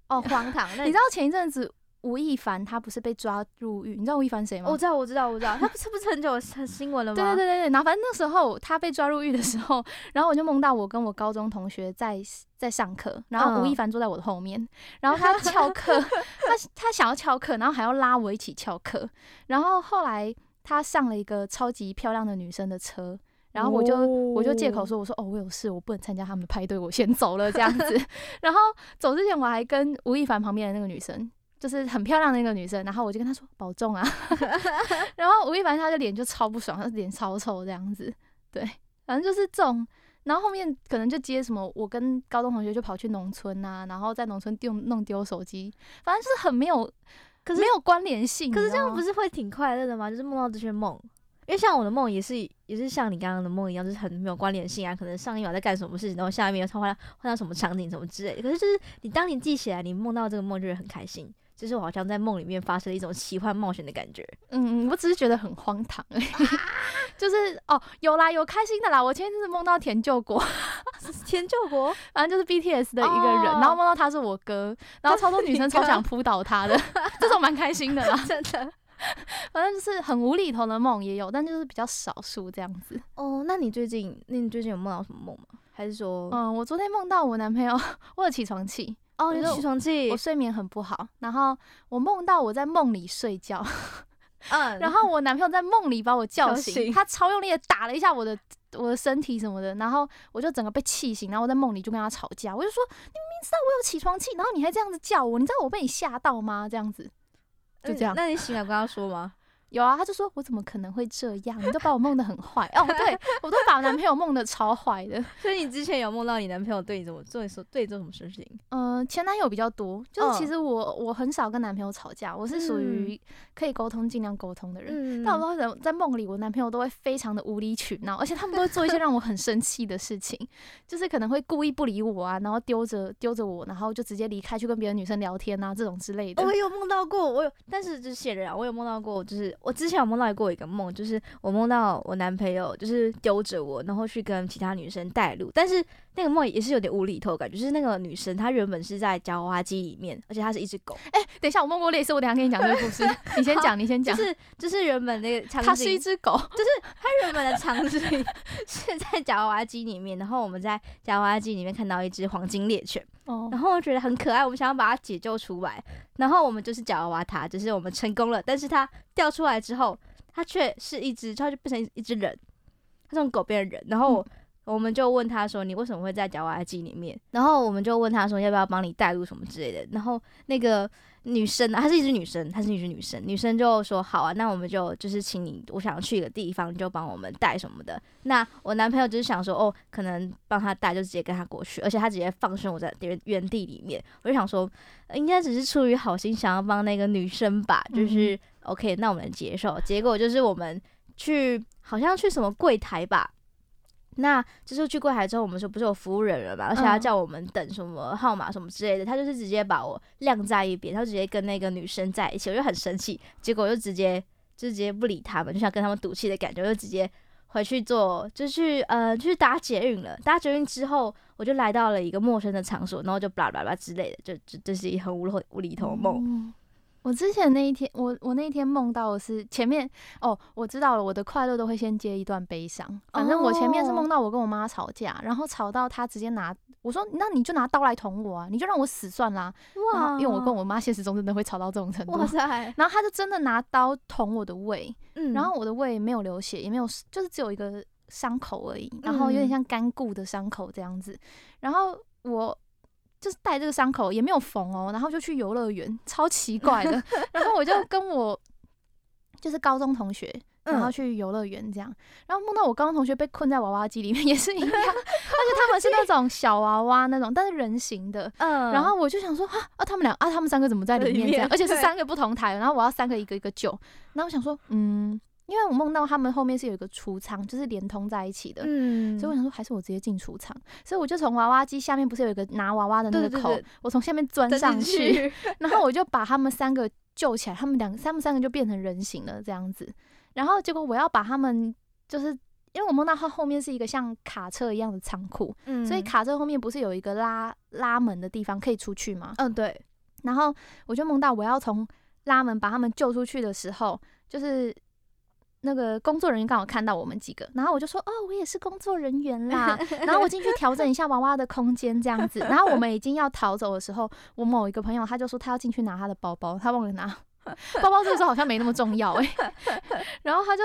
哦，荒唐。那你…你知道前一陣子吳亦凡他不是被抓入獄？你知道吳亦凡誰嗎？我知道，我知道，我知道。他不是不是很久新聞了嗎？對 對對對對。然後反正那時候他被抓入獄的時候，然後我就夢到我跟我高中同學在在上課，然後吳亦凡坐在我的後面，然後他翹課， 他他想要翹課，然後還要拉我一起翹課，然後後來他上了一個超級漂亮的女生的車。然後我就、哦、我就借口說，我說哦，我有事，我不能參加他們的派對，我先走了這樣子。 然後走之前，我還跟吳亦凡旁邊的那個女生，就是很漂亮的那個女生，然後我就跟她說保重啊。 然後吳亦凡他的臉就超不爽，他臉超臭這樣子。對，反正就是這種。然後後面可能就接什麼，我跟高中同學就跑去農村啊，然後在農村丟弄丟手機，反正是很沒有，可是沒有關聯性有沒有。可是這樣不是會挺快樂的嗎？就是夢到這些夢。因為像我的夢也是也是像你剛剛的夢一樣，就是很沒有關聯性啊，可能上一秒在幹什麼事情，然後下一秒突然換到什麼場景什麼之類的。可是就是你當你記起來，你夢到這個夢就會很開心，就是我好像在夢裡面發生了一種奇幻冒險的感覺。嗯，我只是覺得很荒唐、欸， 就是哦，有啦，有開心的啦。我前天就是夢到田柾國，田柾國，反正就是 BTS 的一個人，哦、然後夢到他是我哥，然後超多女生超想撲倒他的，這種蠻 開心的啦，真的。反正就是很無厘頭的夢也有，但就是比較少數這樣子。哦，那你最近，那你，你最近有夢到什麼夢嗎？還是說，嗯，我昨天夢到我男朋友，我有起床氣。哦，有起床氣，我睡眠很不好。然後我夢到我在夢裡睡覺，嗯， 然後我男朋友在夢裡把我叫醒， 他超用力的打了一下我的我的身體什麼的，然後我就整個被氣醒。然後我在夢裡就跟他吵架，我就說，你明明知道我有起床氣，然後你還這樣子叫我，你知道我被你嚇到嗎？這樣子。嗯、就這樣，那你醒來跟他說嗎？ 有啊，他就說我怎麼可能會這樣？你都把我夢得很壞 哦，對我都把男朋友夢得超壞的。所以你之前有夢到你男朋友對你怎麼做，說對你做什麼事情？嗯、呃，前男友比較多，就是其實我、嗯、我很少跟男朋友吵架，我是屬於可以溝通儘量溝通的人、嗯。但我不知道在夢裡，我男朋友都會非常的無理取鬧，而且他們都會做一些讓我很生氣的事情， 就是可能會故意不理我啊，然後丟着丟着我，然後就直接離開去跟別的女生聊天啊，這種之類的。我有夢到過，我有，但是就顯然、啊、我有夢到過，就是。我之前有夢到過一個夢，就是我夢到我男朋友就是丟着我，然後去跟其他女生帶路。但是那個夢也是有點無厘頭，感覺、就是那個女生她原本是在夾娃娃機裡面，而且她是一只狗。哎、欸，等一下，我夢過類似，我等下跟你講這個故事。 你先講，你先講。就是，就是原本那個場景，它是一只狗，就是它原本的場景是在夾娃娃機裡面，然後我們在夾娃娃機裡面看到一只黃金獵犬。然後我覺得很可愛，我們想要把它解救出來，然後我們就是夾娃娃它，就是我們成功了。但是它掉出來之後，它卻是一只，它就變成一只人，它從狗變人。然後我們就問他說：“你為什麼會在夾娃娃機裡面？”然後我們就問他說：“要不要幫你帶路什麼之類的？”然後那個。女生啊，她是一只女生，她是一只女生。女生就說：“好啊，那我們就就是請你，我想要去一個地方，你就幫我們帶什麼的。”那我男朋友就是想說：“哦，可能幫他帶，就直接跟他過去，而且他直接放生我在原原地裡面。”我就想說，應該只是出於好心，想要幫那個女生吧，就是、嗯、OK，那我們接受。結果就是我們去，好像去什麼櫃台吧。那就是去櫃檯之後，我們說，不是有服務人員嘛？而且他叫我們等什麼號碼什麼之類的、嗯，他就是直接把我晾在一邊，他直接跟那個女生在一起，我就很生氣，結果就直接就直接不理他們，就想跟他們賭氣的感覺，就直接回去坐，就去呃去搭捷運了。搭捷運之後我就來到了一個陌生的場所，然後就巴拉巴拉之類的，就就就是一很無理無厘頭的夢。嗯我之前那一天，我我那一天夢到的是前面哦，我知道了，我的快樂都會先接一段悲傷。反正我前面是夢到我跟我媽吵架，哦，然後吵到她直接拿我說，那你就拿刀來捅我啊，你就讓我死算啦。哇，因為我跟我媽現實中真的會吵到這種程度。哇塞，然後她就真的拿刀捅我的胃，嗯、然後我的胃沒有流血，也沒有，就是只有一個傷口而已，然後有點像乾固的傷口這樣子。嗯、然後我。就是帶這個傷口也沒有縫哦、喔，然後就去遊樂園，超奇怪的。然後我就跟我就是高中同學，然後去遊樂園這樣，然後夢到我高中同學被困在娃娃機裡面，也是一樣。而且他們是那種小娃娃那種，但是人形的。嗯，然後我就想說，啊，啊，他們倆啊，他們三個怎麼在裡面？這樣，而且是三個不同台。然後我要三個一個一個救。然後我想說，嗯。因為我夢到他們後面是有一個儲藏，就是連通在一起的，嗯，所以我想說還是我直接進儲藏，所以我就從娃娃機下面不是有一個拿娃娃的那個口，對對對，我從下面鑽上去、去，然後我就把他們三個救起來。 他們兩個，他們三個就變成人形了這樣子，然後結果我要把他們，就是因為我夢到他後面是一個像卡車一樣的倉庫，嗯，所以卡車後面不是有一個拉拉門的地方可以出去嗎？嗯，對，然後我就夢到我要從拉門把他們救出去的時候，就是。那個工作人員剛好看到我們幾個，然後我就說：“哦，我也是工作人員啦。”然後我進去調整一下娃娃的空間，這樣子。然後我們已經要逃走的時候，我某一個朋友他就說他要進去拿他的包包，他忘了拿包包，這個時候好像沒那麼重要誒、欸，然後他就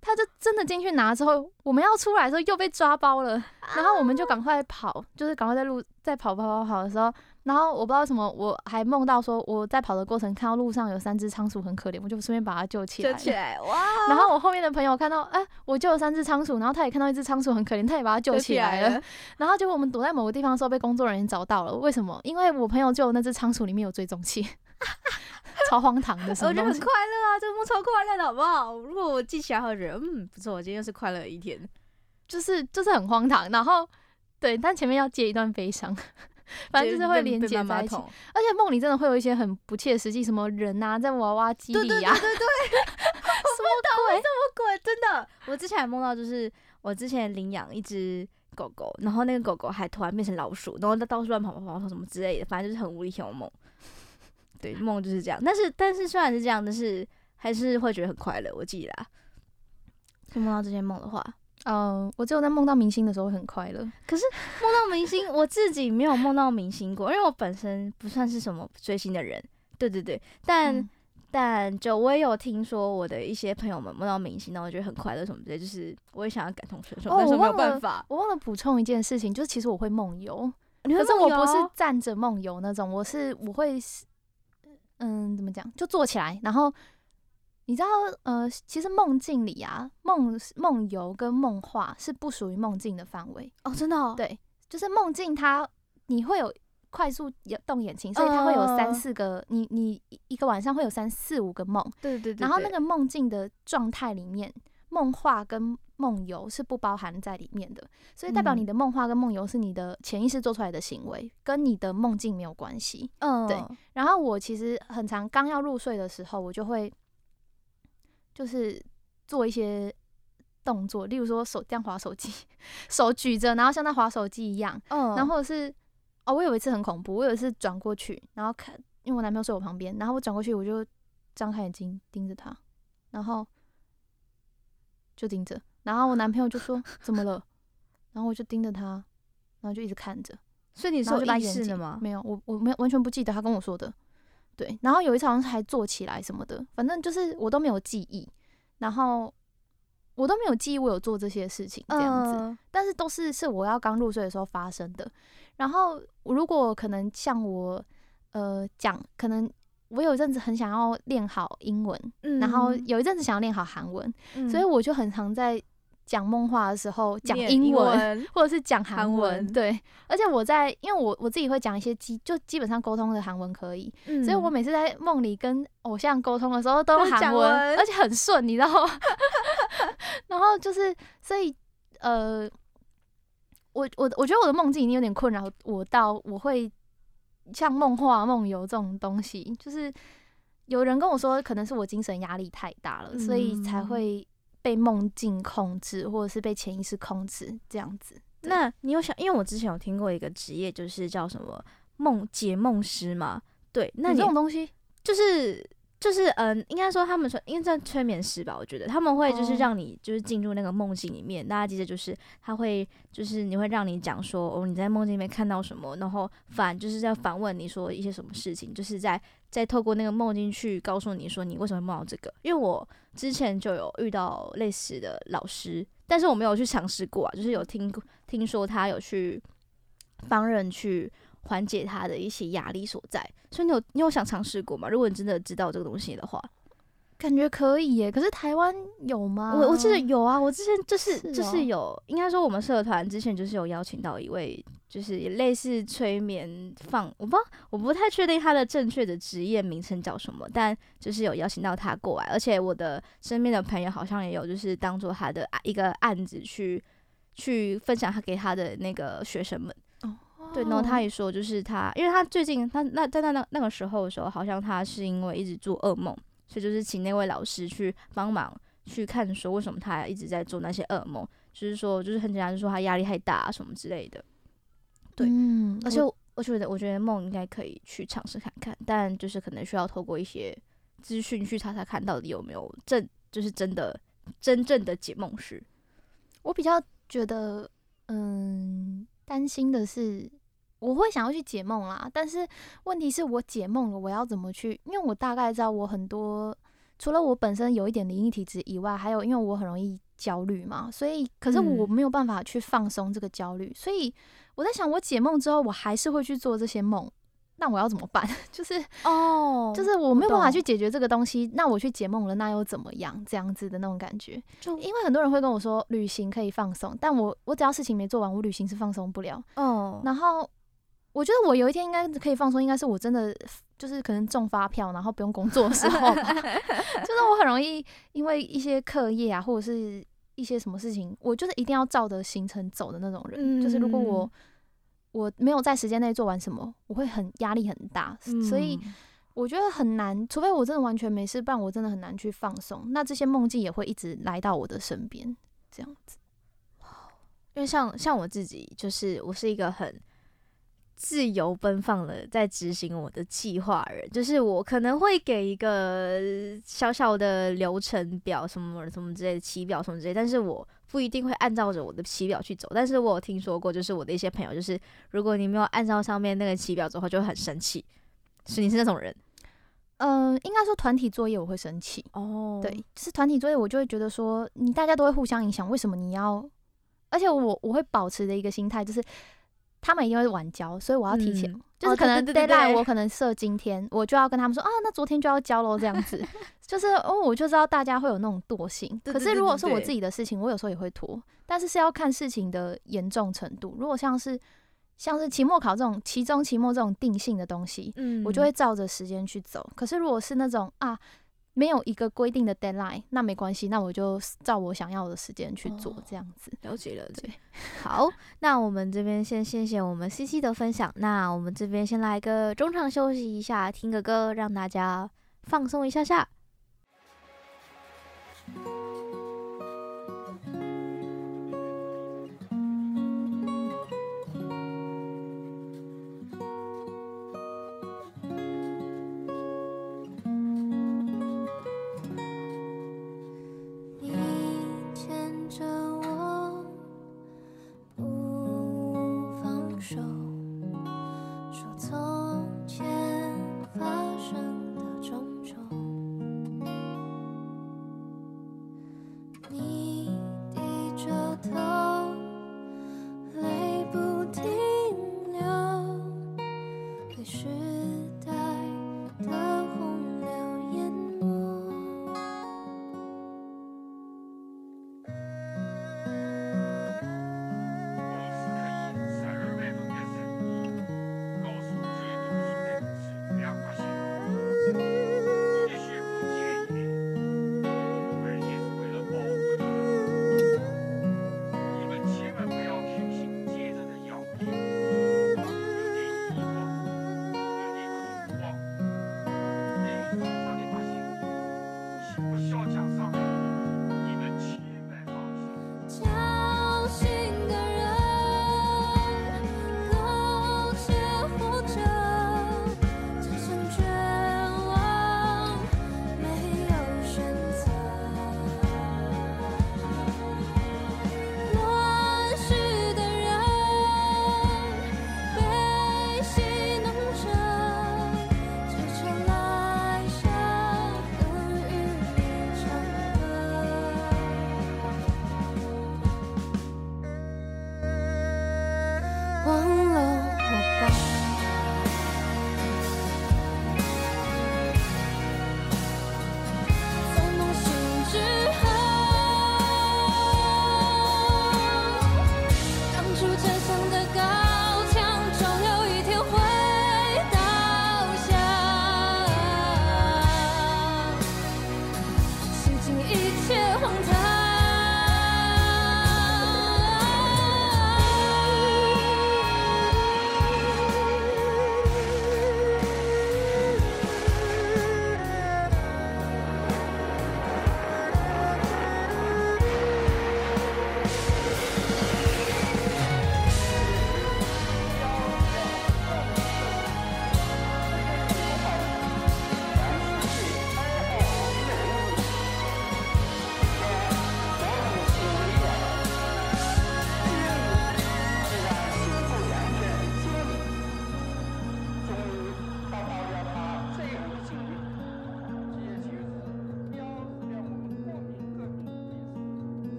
他就真的進去拿之後，我們要出來的時候又被抓包了，然後我們就趕快跑，就是趕快在路在跑跑跑跑的時候。然後我不知道為什麼，我還夢到說我在跑的過程看到路上有三隻倉鼠很可憐，我就順便把它救起來。救起來哇！然後我後面的朋友看到，哎，我救了三隻倉鼠，然後他也看到一隻倉鼠很可憐，他也把它救起來了。然後結果，我們躲在某個地方的時候被工作人員找到了，為什麼？因為我朋友救的那隻倉鼠裡面有追蹤器，超荒唐的時候。我覺得很快樂啊，這個夢超快樂的好不好？如果我記起來，好覺得嗯不錯，我今天又是快樂的一天，就是就是很荒唐。然後對，但前面要接一段悲傷。反正就是會連接馬桶，而且夢裡真的會有一些很不切實際，什麼人吶、啊，在娃娃機裡呀、啊，對對對，對，什麼鬼？什麼鬼？真的，我之前還夢到，就是我之前領養一隻狗狗，然後那個狗狗還突然變成老鼠，然後在到處亂跑，跑，跑跑跑什麼之類的，反正就是很無厘頭夢。對，夢就是這樣。但是，但是雖然是這樣，但是還是會覺得很快樂。我記得啦，就夢到這些夢的話。嗯、uh，我只有在夢到明星的時候會很快樂。 可是夢到明星，我自己沒有夢到明星過， 因為我本身不算是什麼追星的人。對對對，但、嗯、但就我也有聽說我的一些朋友們夢到明星，然後覺得很快樂什麼之類。就是我也想要感同身受，哦，但是我沒有辦法。我忘了補充一件事情，就是其實我會夢遊，你會夢遊？可是我我不是站着夢遊那種，我是我會嗯，怎麼講？就坐起來，然後。你知道，呃，其實夢境裡啊，夢夢遊跟夢話是不屬於夢境的範圍哦。真的，哦，對，就是夢境它你會有快速動眼睛，嗯、所以它會有三四個，你你一個晚上會有三四五個夢。對對對，對。然後那個夢境的狀態裡面，夢話跟夢遊是不包含在裡面的，所以代表你的夢話跟夢遊是你的潛意識做出來的行為，嗯、跟你的夢境沒有關係。嗯，對。然後我其實很常剛要入睡的時候，我就會。就是做一些動作，例如說手這樣滑手機，手舉着，然後像在滑手機一樣。嗯。然後是哦，我有一次很恐怖，我有一次轉過去，然後看，因為我男朋友睡我旁邊，然後我轉過去，我就張開眼睛盯着他，然後就盯着，然後我男朋友就說 怎麼了，然後我就盯着他，然後就一直看着。所以你是來試的嗎？沒有，我我沒完全不記得他跟我說的。對，然後有一次是還坐起來什麼的，反正就是我都沒有記憶，然後我都沒有記憶我有做這些事情這樣子，呃、但是都是是我要剛入睡的時候發生的。然後如果可能像我，呃，講可能我有一陣子很想要練好英文，嗯，然後有一陣子想要練好韓文，嗯，所以我就很常在講夢話的時候講英,英文，或者是講韓文,文，對。而且我在，因為我我自己會講一些基，就基本上溝通的韓文可以、嗯。所以我每次在夢裡跟偶像溝通的時候都韓文,文，而且很順，你知道嗎？ 然後就是，所以呃，我我我覺得我的夢境已經有點困擾我到，我會像夢話、夢遊這種東西，就是有人跟我說，可能是我精神壓力太大了，嗯、所以才會。被夢境控制，或者是被潛意識控制，這樣子。那你有想，因為我之前有聽過一個職業，就是叫什麼夢解夢師嘛。對，那你你這種東西就是。就是嗯，應該說他們說，因為在催眠師吧，我覺得他們會就是讓你就是進入那個夢境裡面。Oh. 大家記得就是他會就是你會讓你講說哦，你在夢境裡面看到什麼，然後反就是在反問你說一些什麼事情，就是在在透過那個夢境去告訴你說你為什麼會夢到這個。因為我之前就有遇到類似的老師，但是我沒有去嘗試過啊，就是有聽過聽說他有去幫人去。緩解他的一些壓力所在，所以你有，你有想嘗試過嗎？如果你真的知道這個東西的話，感覺可以耶。可是台灣有嗎？我我記得有啊，我之前就是就是有，應該說我們社團之前就是有邀請到一位，就是類似催眠放，我不知道我不太確定他的正確的職業名稱叫什麼，但就是有邀請到他過來，而且我的身邊的朋友好像也有就是當做他的一個案子去去分享他給他的那個學生們。對，oh. 然後他也說，就是他，因為他最近他那在那那那個時候的時候，好像他是因為一直做噩夢，所以就是請那位老師去幫忙去看，說為什麼他一直在做那些噩夢，就是說就是很簡單，就是說他壓力太大啊什麼之類的。對，而、嗯、且我覺得、啊，我覺得夢應該可以去嘗試看看，但就是可能需要透過一些資訊去查查看，到底有沒有正，就是真的真正的解夢師。我比較覺得，嗯。擔心的是，我會想要去解夢啦。但是問題是我解夢了，我要怎麼去？因為我大概知道我很多，除了我本身有一點靈異體質以外，還有因為我很容易焦慮嘛，所以可是我沒有辦法去放鬆這個焦慮，嗯。所以我在想，我解夢之後，我還是會去做這些夢。那我要怎麼辦？就是哦，oh, 就是我沒有辦法去解決這個東西。我那我去解夢了，那又怎麼樣？這樣子的那種感覺，就因為很多人會跟我說，旅行可以放鬆。但我我只要事情沒做完，我旅行是放鬆不了。哦、oh.。然後我覺得我有一天應該可以放鬆，應該是我真的就是可能中發票，然後不用工作的時候。 就是我很容易因為一些課業啊，或者是一些什麼事情，我就是一定要照着行程走的那種人。Mm. 就是如果我。我沒有在時間內做完什麼，我會很壓力很大，嗯、所以我覺得很難，除非我真的完全沒事，不然我真的很難去放鬆。那這些夢境也會一直來到我的身邊，這樣子。因為像像我自己，就是我是一個很自由奔放的，在執行我的計劃人，就是我可能會給一個小小的流程表，什麼什麼之類的，起表什麼之類，但是我。不一定會按照着我的起表去走，但是我有聽說過，就是我的一些朋友，就是如果你沒有按照上面那個起表走的話，就會很生氣。是你是那種人？嗯、呃，應該說團體作業我會生氣哦。對，就是團體作業，我就會覺得說，你大家都會互相影響，為什麼你要？而且我我會保持的一個心態就是，他們一定會晚交，所以我要提前。嗯就是可能 deadline 我可能設今天，我就要跟他們說啊，那昨天就要交嘍，這樣子。 就是哦，我就知道大家會有那種惰性。可是，如果是我自己的事情，我有時候也會拖，但是是要看事情的嚴重程度。如果像是像是期末考這種、期中、期末這種定性的東西，嗯，我就會照着時間去走。可是，如果是那種啊。沒有一個規定的 deadline，那沒關係，那我就照我想要的時間去做，這樣子。哦、了解了解。 好，那我們這邊先謝謝我們 CC 的分享。那我們這邊先來一個中場休息一下，聽個歌，讓大家放鬆一下下。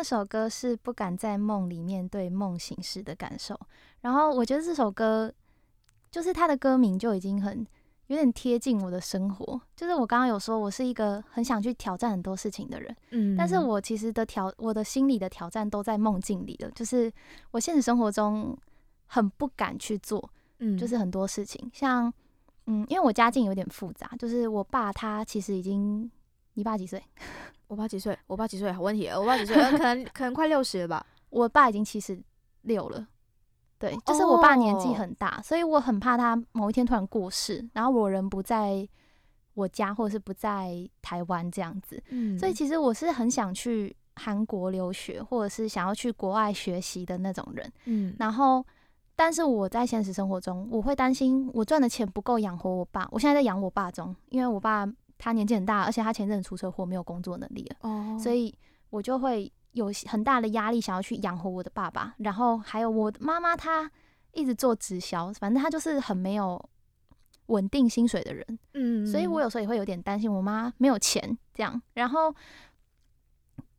那首歌是不敢在夢裡面對夢醒時的感受，然後我覺得這首歌就是它的歌名就已經很有點貼近我的生活，就是我剛剛有說我是一個很想去挑戰很多事情的人，嗯，但是我其實的挑我的心理的挑戰都在夢境裡了，就是我現實生活中很不敢去做，嗯，就是很多事情，嗯像嗯，因為我家境有點複雜，就是我爸他其實已經。你爸幾歲？ 我爸幾歲？我爸幾歲？好問題。欸，我爸幾歲？可能可能快六十了吧。 我爸已經七十六了，對。哦，就是我爸年紀很大，所以我很怕他某一天突然過世，然後我人不在我家，或者是不在台灣這樣子，嗯。所以其實我是很想去韓國留學，或者是想要去國外學習的那種人。嗯，然後但是我在現實生活中，我會擔心我賺的錢不夠養活我爸。我現在在養我爸中，因為我爸。他年紀很大，而且他前陣子出車禍，沒有工作能力了，oh. 所以，我就會有很大的壓力，想要去養活我的爸爸。然後還有我媽媽，她一直做直銷，反正她就是很沒有穩定薪水的人。嗯、mm.，所以我有時候也會有點擔心，我媽沒有錢這樣。然後，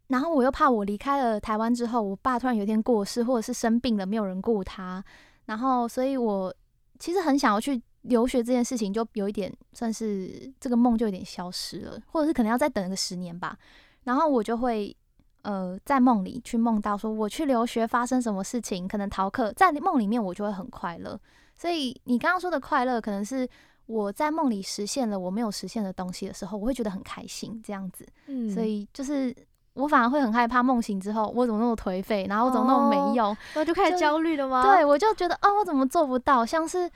然後我又怕我離開了台灣之後，我爸突然有一天過世，或者是生病了，沒有人顧他。然後，所以我其實很想要去。留學這件事情就有一點算是這個夢就有點消失了，或者是可能要再等一個十年吧。然後我就會呃在夢裡去夢到說我去留學發生什麼事情，可能逃課，在夢裡面我就會很快樂。所以你剛剛說的快樂，可能是我在夢裡實現了我沒有實現的東西的時候，我會覺得很開心這樣子。嗯，所以就是我反而會很害怕夢醒之後我怎麼那麼頹廢，然後我怎麼那麼沒用，哦，然後就開始焦慮了嗎？對，我就覺得啊，哦，我怎麼做不到，像是。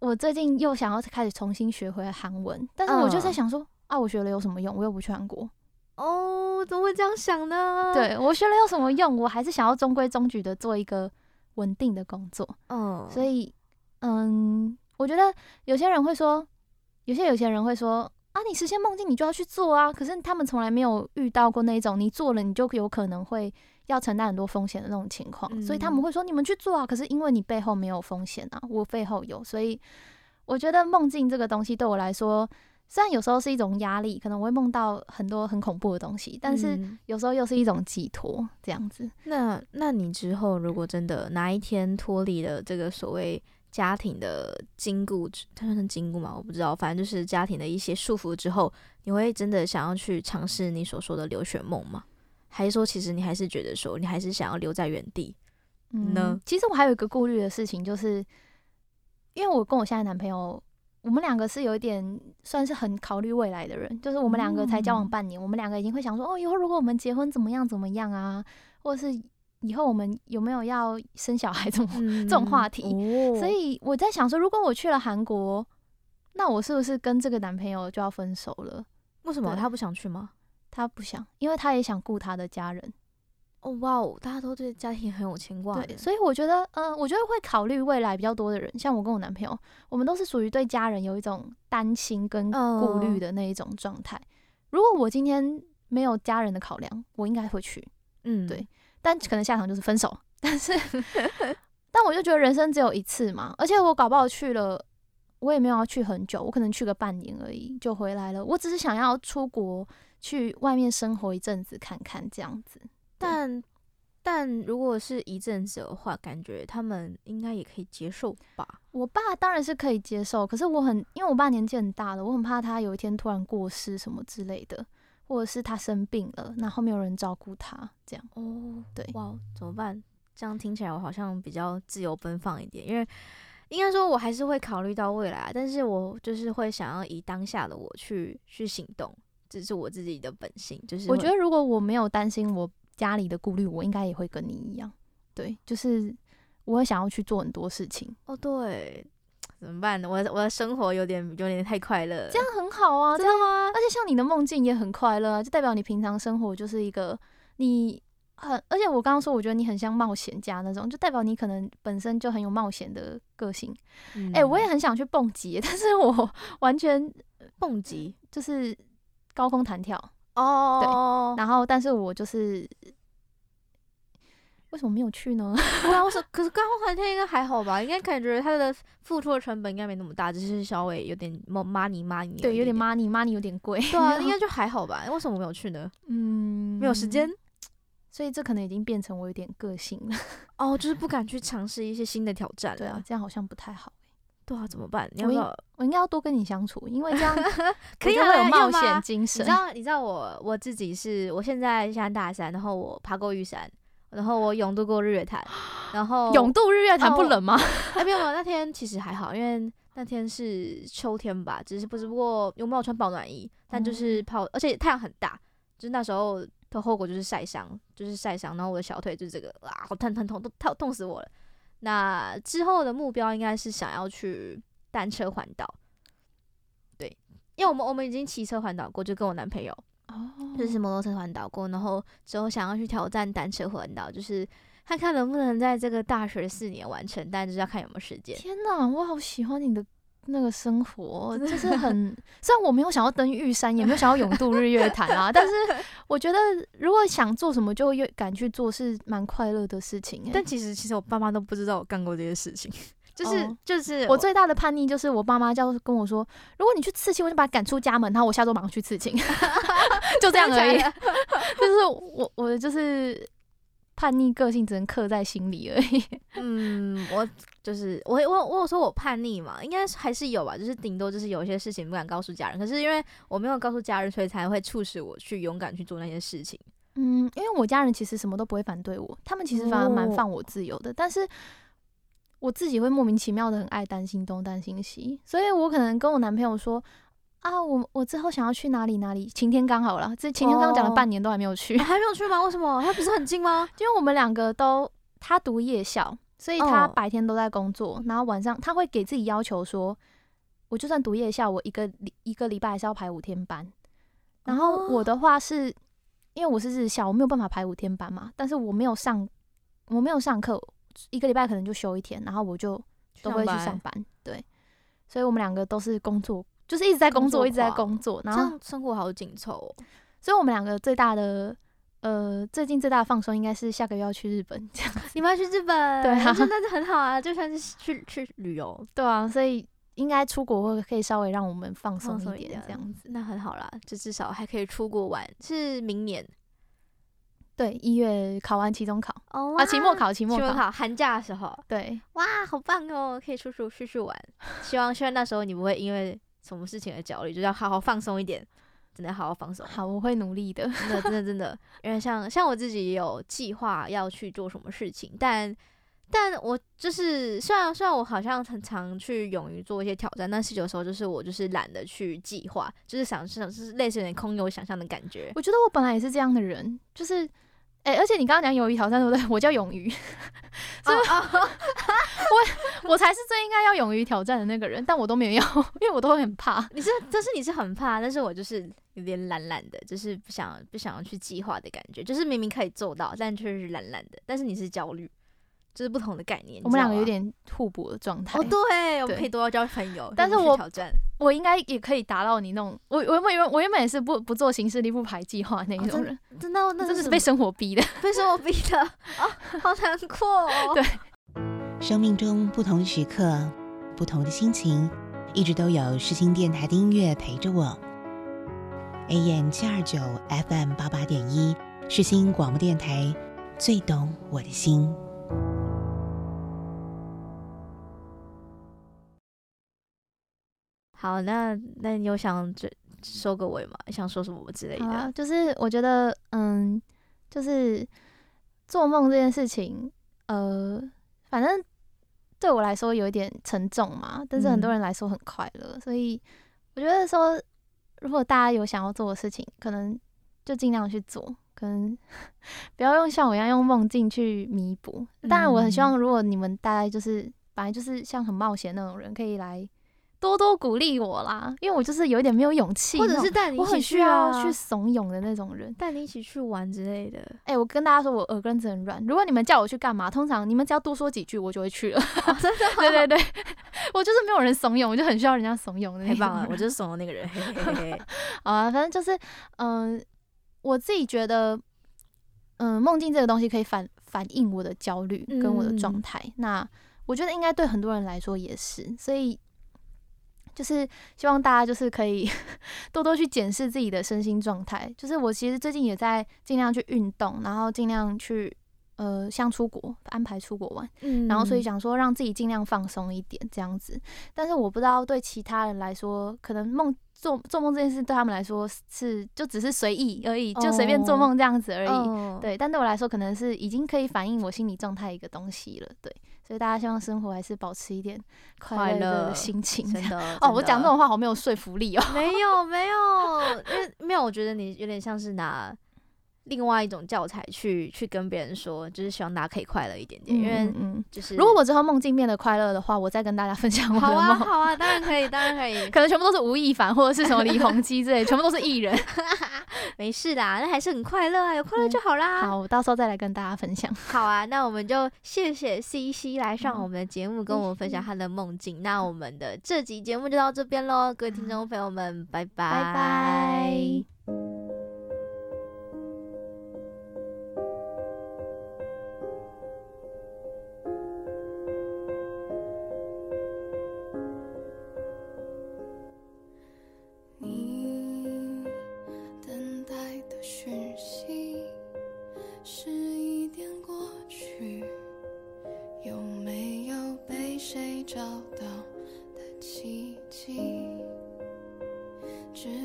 我最近又想要開始重新學回韓文，但是我就在想說、嗯、啊，我學了有什麼用？我又不去韓國。哦，怎麼會這樣想呢？對，我學了有什麼用？我還是想要中規中矩的做一個穩定的工作。嗯，所以嗯，我覺得有些人會說，有些有些人會說啊，你實現夢境，你就要去做啊。可是他們從來沒有遇到過那種你做了你就有可能會。要承擔很多風險的那種情況、嗯，所以他們會說：“你們去做啊！”可是因為你背後沒有風險啊，我背後有，所以我覺得夢境這個東西對我來說，雖然有時候是一種壓力，可能我會夢到很多很恐怖的東西，但是有時候又是一種寄托，這樣子。嗯、那那你之後如果真的哪一天脫離了這個所謂家庭的禁錮，它算禁錮嗎？我不知道，反正就是家庭的一些束縛之後，你會真的想要去嘗試你所說的留學夢嗎？還是說，其實你還是覺得說，你還是想要留在原地呢？嗯、其實我還有一個顧慮的事情，就是因為我跟我現在男朋友，我們兩個是有一點算是很考慮未來的人，就是我們兩個才交往半年，嗯、我們兩個已經會想說，哦，以後如果我們結婚怎麼樣怎麼樣啊，或者是以後我們有沒有要生小孩，這種、嗯、這種話題、哦。所以我在想說，如果我去了韓國，那我是不是跟這個男朋友就要分手了？為什麼？他不想去嗎？他不想，因為他也想顧他的家人。哦，哇哦，大家都對家庭很有牽掛，所以我覺得，嗯，我覺得會考慮未來比較多的人，像我跟我男朋友，我們都是屬於對家人有一種擔心跟顧慮的那一種狀態，嗯。如果我今天沒有家人的考量，我應該會去，嗯，對。但可能下場就是分手。但是，但我就覺得人生只有一次嘛，而且我搞不好去了，我也沒有要去很久，我可能去個半年而已就回來了。我只是想要出國。去外面生活一陣子看看，這樣子。但但如果是一陣子的話，感覺他們應該也可以接受吧？我爸當然是可以接受，可是我很，因為我爸年紀很大了，我很怕他有一天突然過世什麼之類的，或者是他生病了，那後面有人照顧他這樣。哦，對。哇，怎麼辦？這樣聽起來我好像比較自由奔放一點，因為應該說我還是會考慮到未來，但是我就是會想要以當下的我去去行動。這、就是我自己的本性，就是我覺得如果我沒有擔心我家裡的顧慮，我應該也會跟你一樣，對，就是我會想要去做很多事情哦。對，怎麼辦呢？我我的生活有點有點太快樂，這樣很好啊，真的嗎？而且像你的夢境也很快樂、啊，就代表你平常生活就是一個你很……而且我剛剛說，我覺得你很像冒險家那種，就代表你可能本身就很有冒險的個性。哎、嗯欸，我也很想去蹦極，但是我完全蹦極就是。高空彈跳哦、oh，對，然後但是我就是為什麼沒有去呢？為什麼？可是高空彈跳應該還好吧？ 應該感覺他的付出的成本應該沒那麼大，只是稍微有點 money money 對。對，有點 money money 有點貴。對啊，應該就還好吧？為什麼我沒有去呢？嗯，沒有時間。所以這可能已經變成我有點個性了。哦，就是不敢去嘗試一些新的挑戰。 對啊，這樣好像不太好。對啊，怎麼辦？嗯、你要不我我應該要多跟你相處，因為這樣 可以會、啊、有冒險精神。你知道你知道我我自己是，我現在上大三，然後我爬過玉山，然後我勇渡過日月潭，嚇然後勇、oh. 渡日月潭不冷嗎？欸、沒有，那天其實還好，因為那天是秋天吧，只是不只不過又沒有穿保暖衣，吩但就是泡。而且太陽很大，就是那時候的後果就是曬傷，就是曬傷，然後我的小腿就是這個哇，好疼疼痛都痛痛死我了。那之後的目標應該是想要去單車環島，對，因為我們我們已經騎車環島過，就跟我男朋友，哦、oh.，就是摩托車環島過，然後之後想要去挑戰單車環島，就是看看能不能在這個大學四年完成，但就是要看有沒有時間。天哪，我好喜歡你的。那個生活就是很，雖然我沒有想要登玉山，也沒有想要泳渡日月潭啊，但是我覺得如果想做什麼就越敢去做，是蠻快樂的事情。但其實，其實我爸媽都不知道我幹過這些事情，就是就是我最大的叛逆就是我爸媽就跟我說，如果你去刺青，我就把你趕出家門，然後我下周馬上去刺青，就這樣而已。就是我我就是。叛逆個性只能刻在心裡而已。嗯，我就是我，我，我有說我叛逆嘛，應該還是有吧。就是頂多就是有一些事情不敢告訴家人，可是因為我沒有告訴家人，所以才會促使我去勇敢去做那些事情。嗯，因為我家人其實什麼都不會反對我，他們其實反而蠻放我自由的。Oh. 但是我自己會莫名其妙的很愛擔心東擔心西，所以我可能跟我男朋友說。啊，我我之後想要去哪裡哪裡？晴天剛好了，這晴天剛講了半年都還沒有去、oh.， 還沒有去嗎？為什麼？他不是很近嗎？ 因為我們兩個都他讀夜校，所以他白天都在工作，oh. 然後晚上他會給自己要求說，我就算讀夜校，我一個禮一個禮拜還是要排五天班。然後我的話是、oh. 因為我是日校，我沒有辦法排五天班嘛，但是我沒有上我沒有上課，一個禮拜可能就休一天，然後我就都會去上班。對，所以我們兩個都是工作。就是一直在工作，工作，一直在工作，然後生活好緊湊哦。所以我們兩個最大的，呃，最近最大的放鬆應該是下個月要去日本這樣。你們要去日本？ 對啊，那就很好啊，就算是去去旅遊。對啊，所以應該出國會可以稍微讓我們放鬆一點，這樣子。那很好啦，就至少還可以出國玩。是明年，對，一月考完期中考，哦、oh, 啊期末考，期末考，期末考，寒假的時候，對，哇，好棒哦，可以出出出去玩 希望。希望雖然那時候你不會因為。什麼事情的焦慮，就是、要好好放鬆一點。真的好好放鬆。好，我會努力的。 真的真的真的，因為像像我自己也有計劃要去做什麼事情，但但我就是雖然雖然我好像很常去勇於做一些挑戰，但是有時候就是我就是懶得去計劃，就是想是想就是類似有點空有想象的感覺。我覺得我本來也是這樣的人，就是。欸、而且你剛剛講勇於挑戰，對不對？我叫勇於、oh, 哦，我 我才是最應該要勇於挑戰的那個人，但我都沒有，因為我都很怕。你是，但、就是你是很怕，但是我就是有點懶懶的，就是不想不想要去計劃的感覺，就是明明可以做到，但卻是懶懶的。但是你是焦慮，就是不同的概念。我們兩個有點互補的狀態。哦對，對，我們可以多交朋友，但是我挑戰。我應該也可以達到你那種，我我我我原本也是不不做行事曆，不排計劃那一種人、哦，真的，那就是，是被生活逼的，被生活逼的啊、 哦，好難過、哦。對，生命中不同的時刻，不同的心情，一直都有世新電台的音樂陪着我。AM 七二九 F M 八八點一，世新廣播電台，最懂我的心。好，那那你有想就收個尾嘛？想說什麼之類的、啊？就是我覺得，嗯，就是做夢這件事情，呃，反正對我來說有一點沉重嘛，但是很多人來說很快樂、嗯。所以我覺得說，如果大家有想要做的事情，可能就儘量去做，可能 不要用像我一樣用夢境去彌補。當然，我很希望如果你們大家就是本來就是像很冒險那種人，可以來。多多鼓勵我啦，因為我就是有一點沒有勇氣，或者是帶你一起去，啊，我很需要去慫恿的那種人，帶你一起去玩之類的。哎，欸，我跟大家說，我耳根子很軟，如果你們叫我去幹嘛，通常你們只要多說幾句，我就會去了。啊，真的？ 對對對，我就是沒有人慫恿，我就很需要人家慫恿那。太棒了，啊，我就是慫恿那個人。嘿嘿嘿 好啊，反正就是，嗯，呃，我自己覺得，嗯，呃，夢境這個東西可以反反映我的焦慮跟我的狀態，嗯。那我覺得應該對很多人來說也是，所以。就是希望大家就是可以多多去檢視自己的身心狀態。就是我其實最近也在盡量去運動，然後盡量去呃，像出國安排出國玩、嗯，然後所以想說讓自己盡量放鬆一點這樣子。但是我不知道對其他人來說，可能夢做做夢這件事對他們來說是就只是隨意而已，就隨便做夢這樣子而已、哦。對，但對我來說可能是已經可以反映我心理狀態一個東西了。對。所以大家希望生活還是保持一點快樂的心情，真的哦。真的，我講這種話好沒有說服力哦沒。沒有沒有， 因為沒有，我覺得你有點像是拿另外一種教材，去去跟別人說，就是希望大家可以快樂一點點。嗯嗯嗯，因為就是如果我之後夢境變得快樂的話，我再跟大家分享我的夢。好啊，好啊，當然可以，當然可以。 可能全部都是吳亦凡或者是什麼李弘基之類， 全部都是藝人。 沒事啦，那還是很快樂啊，有快樂就好啦、嗯。好，我到時候再來跟大家分享。好啊，那我們就謝謝 CC 來上我們的節目，跟我們分享他的夢境。嗯、 那我們的這集節目就到這邊嘍，各位聽眾朋友們，拜拜。拜拜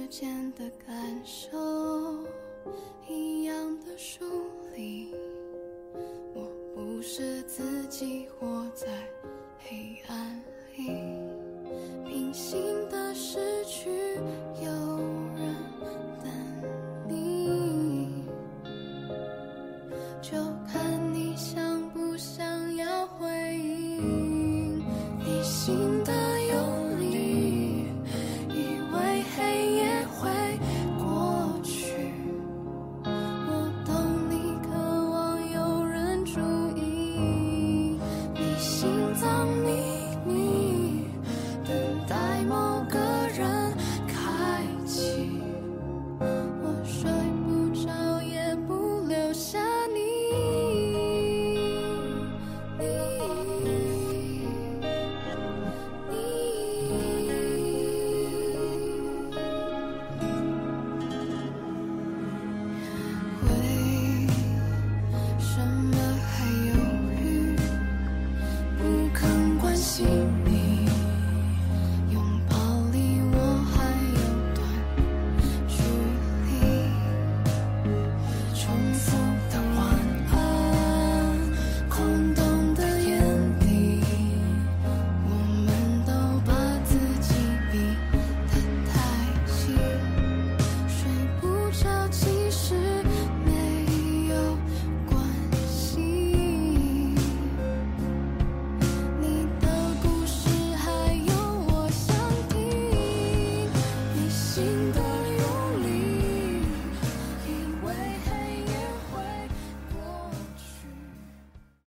時間的感受一樣的疏離，我不是自己活在黑暗裡，平行的世界。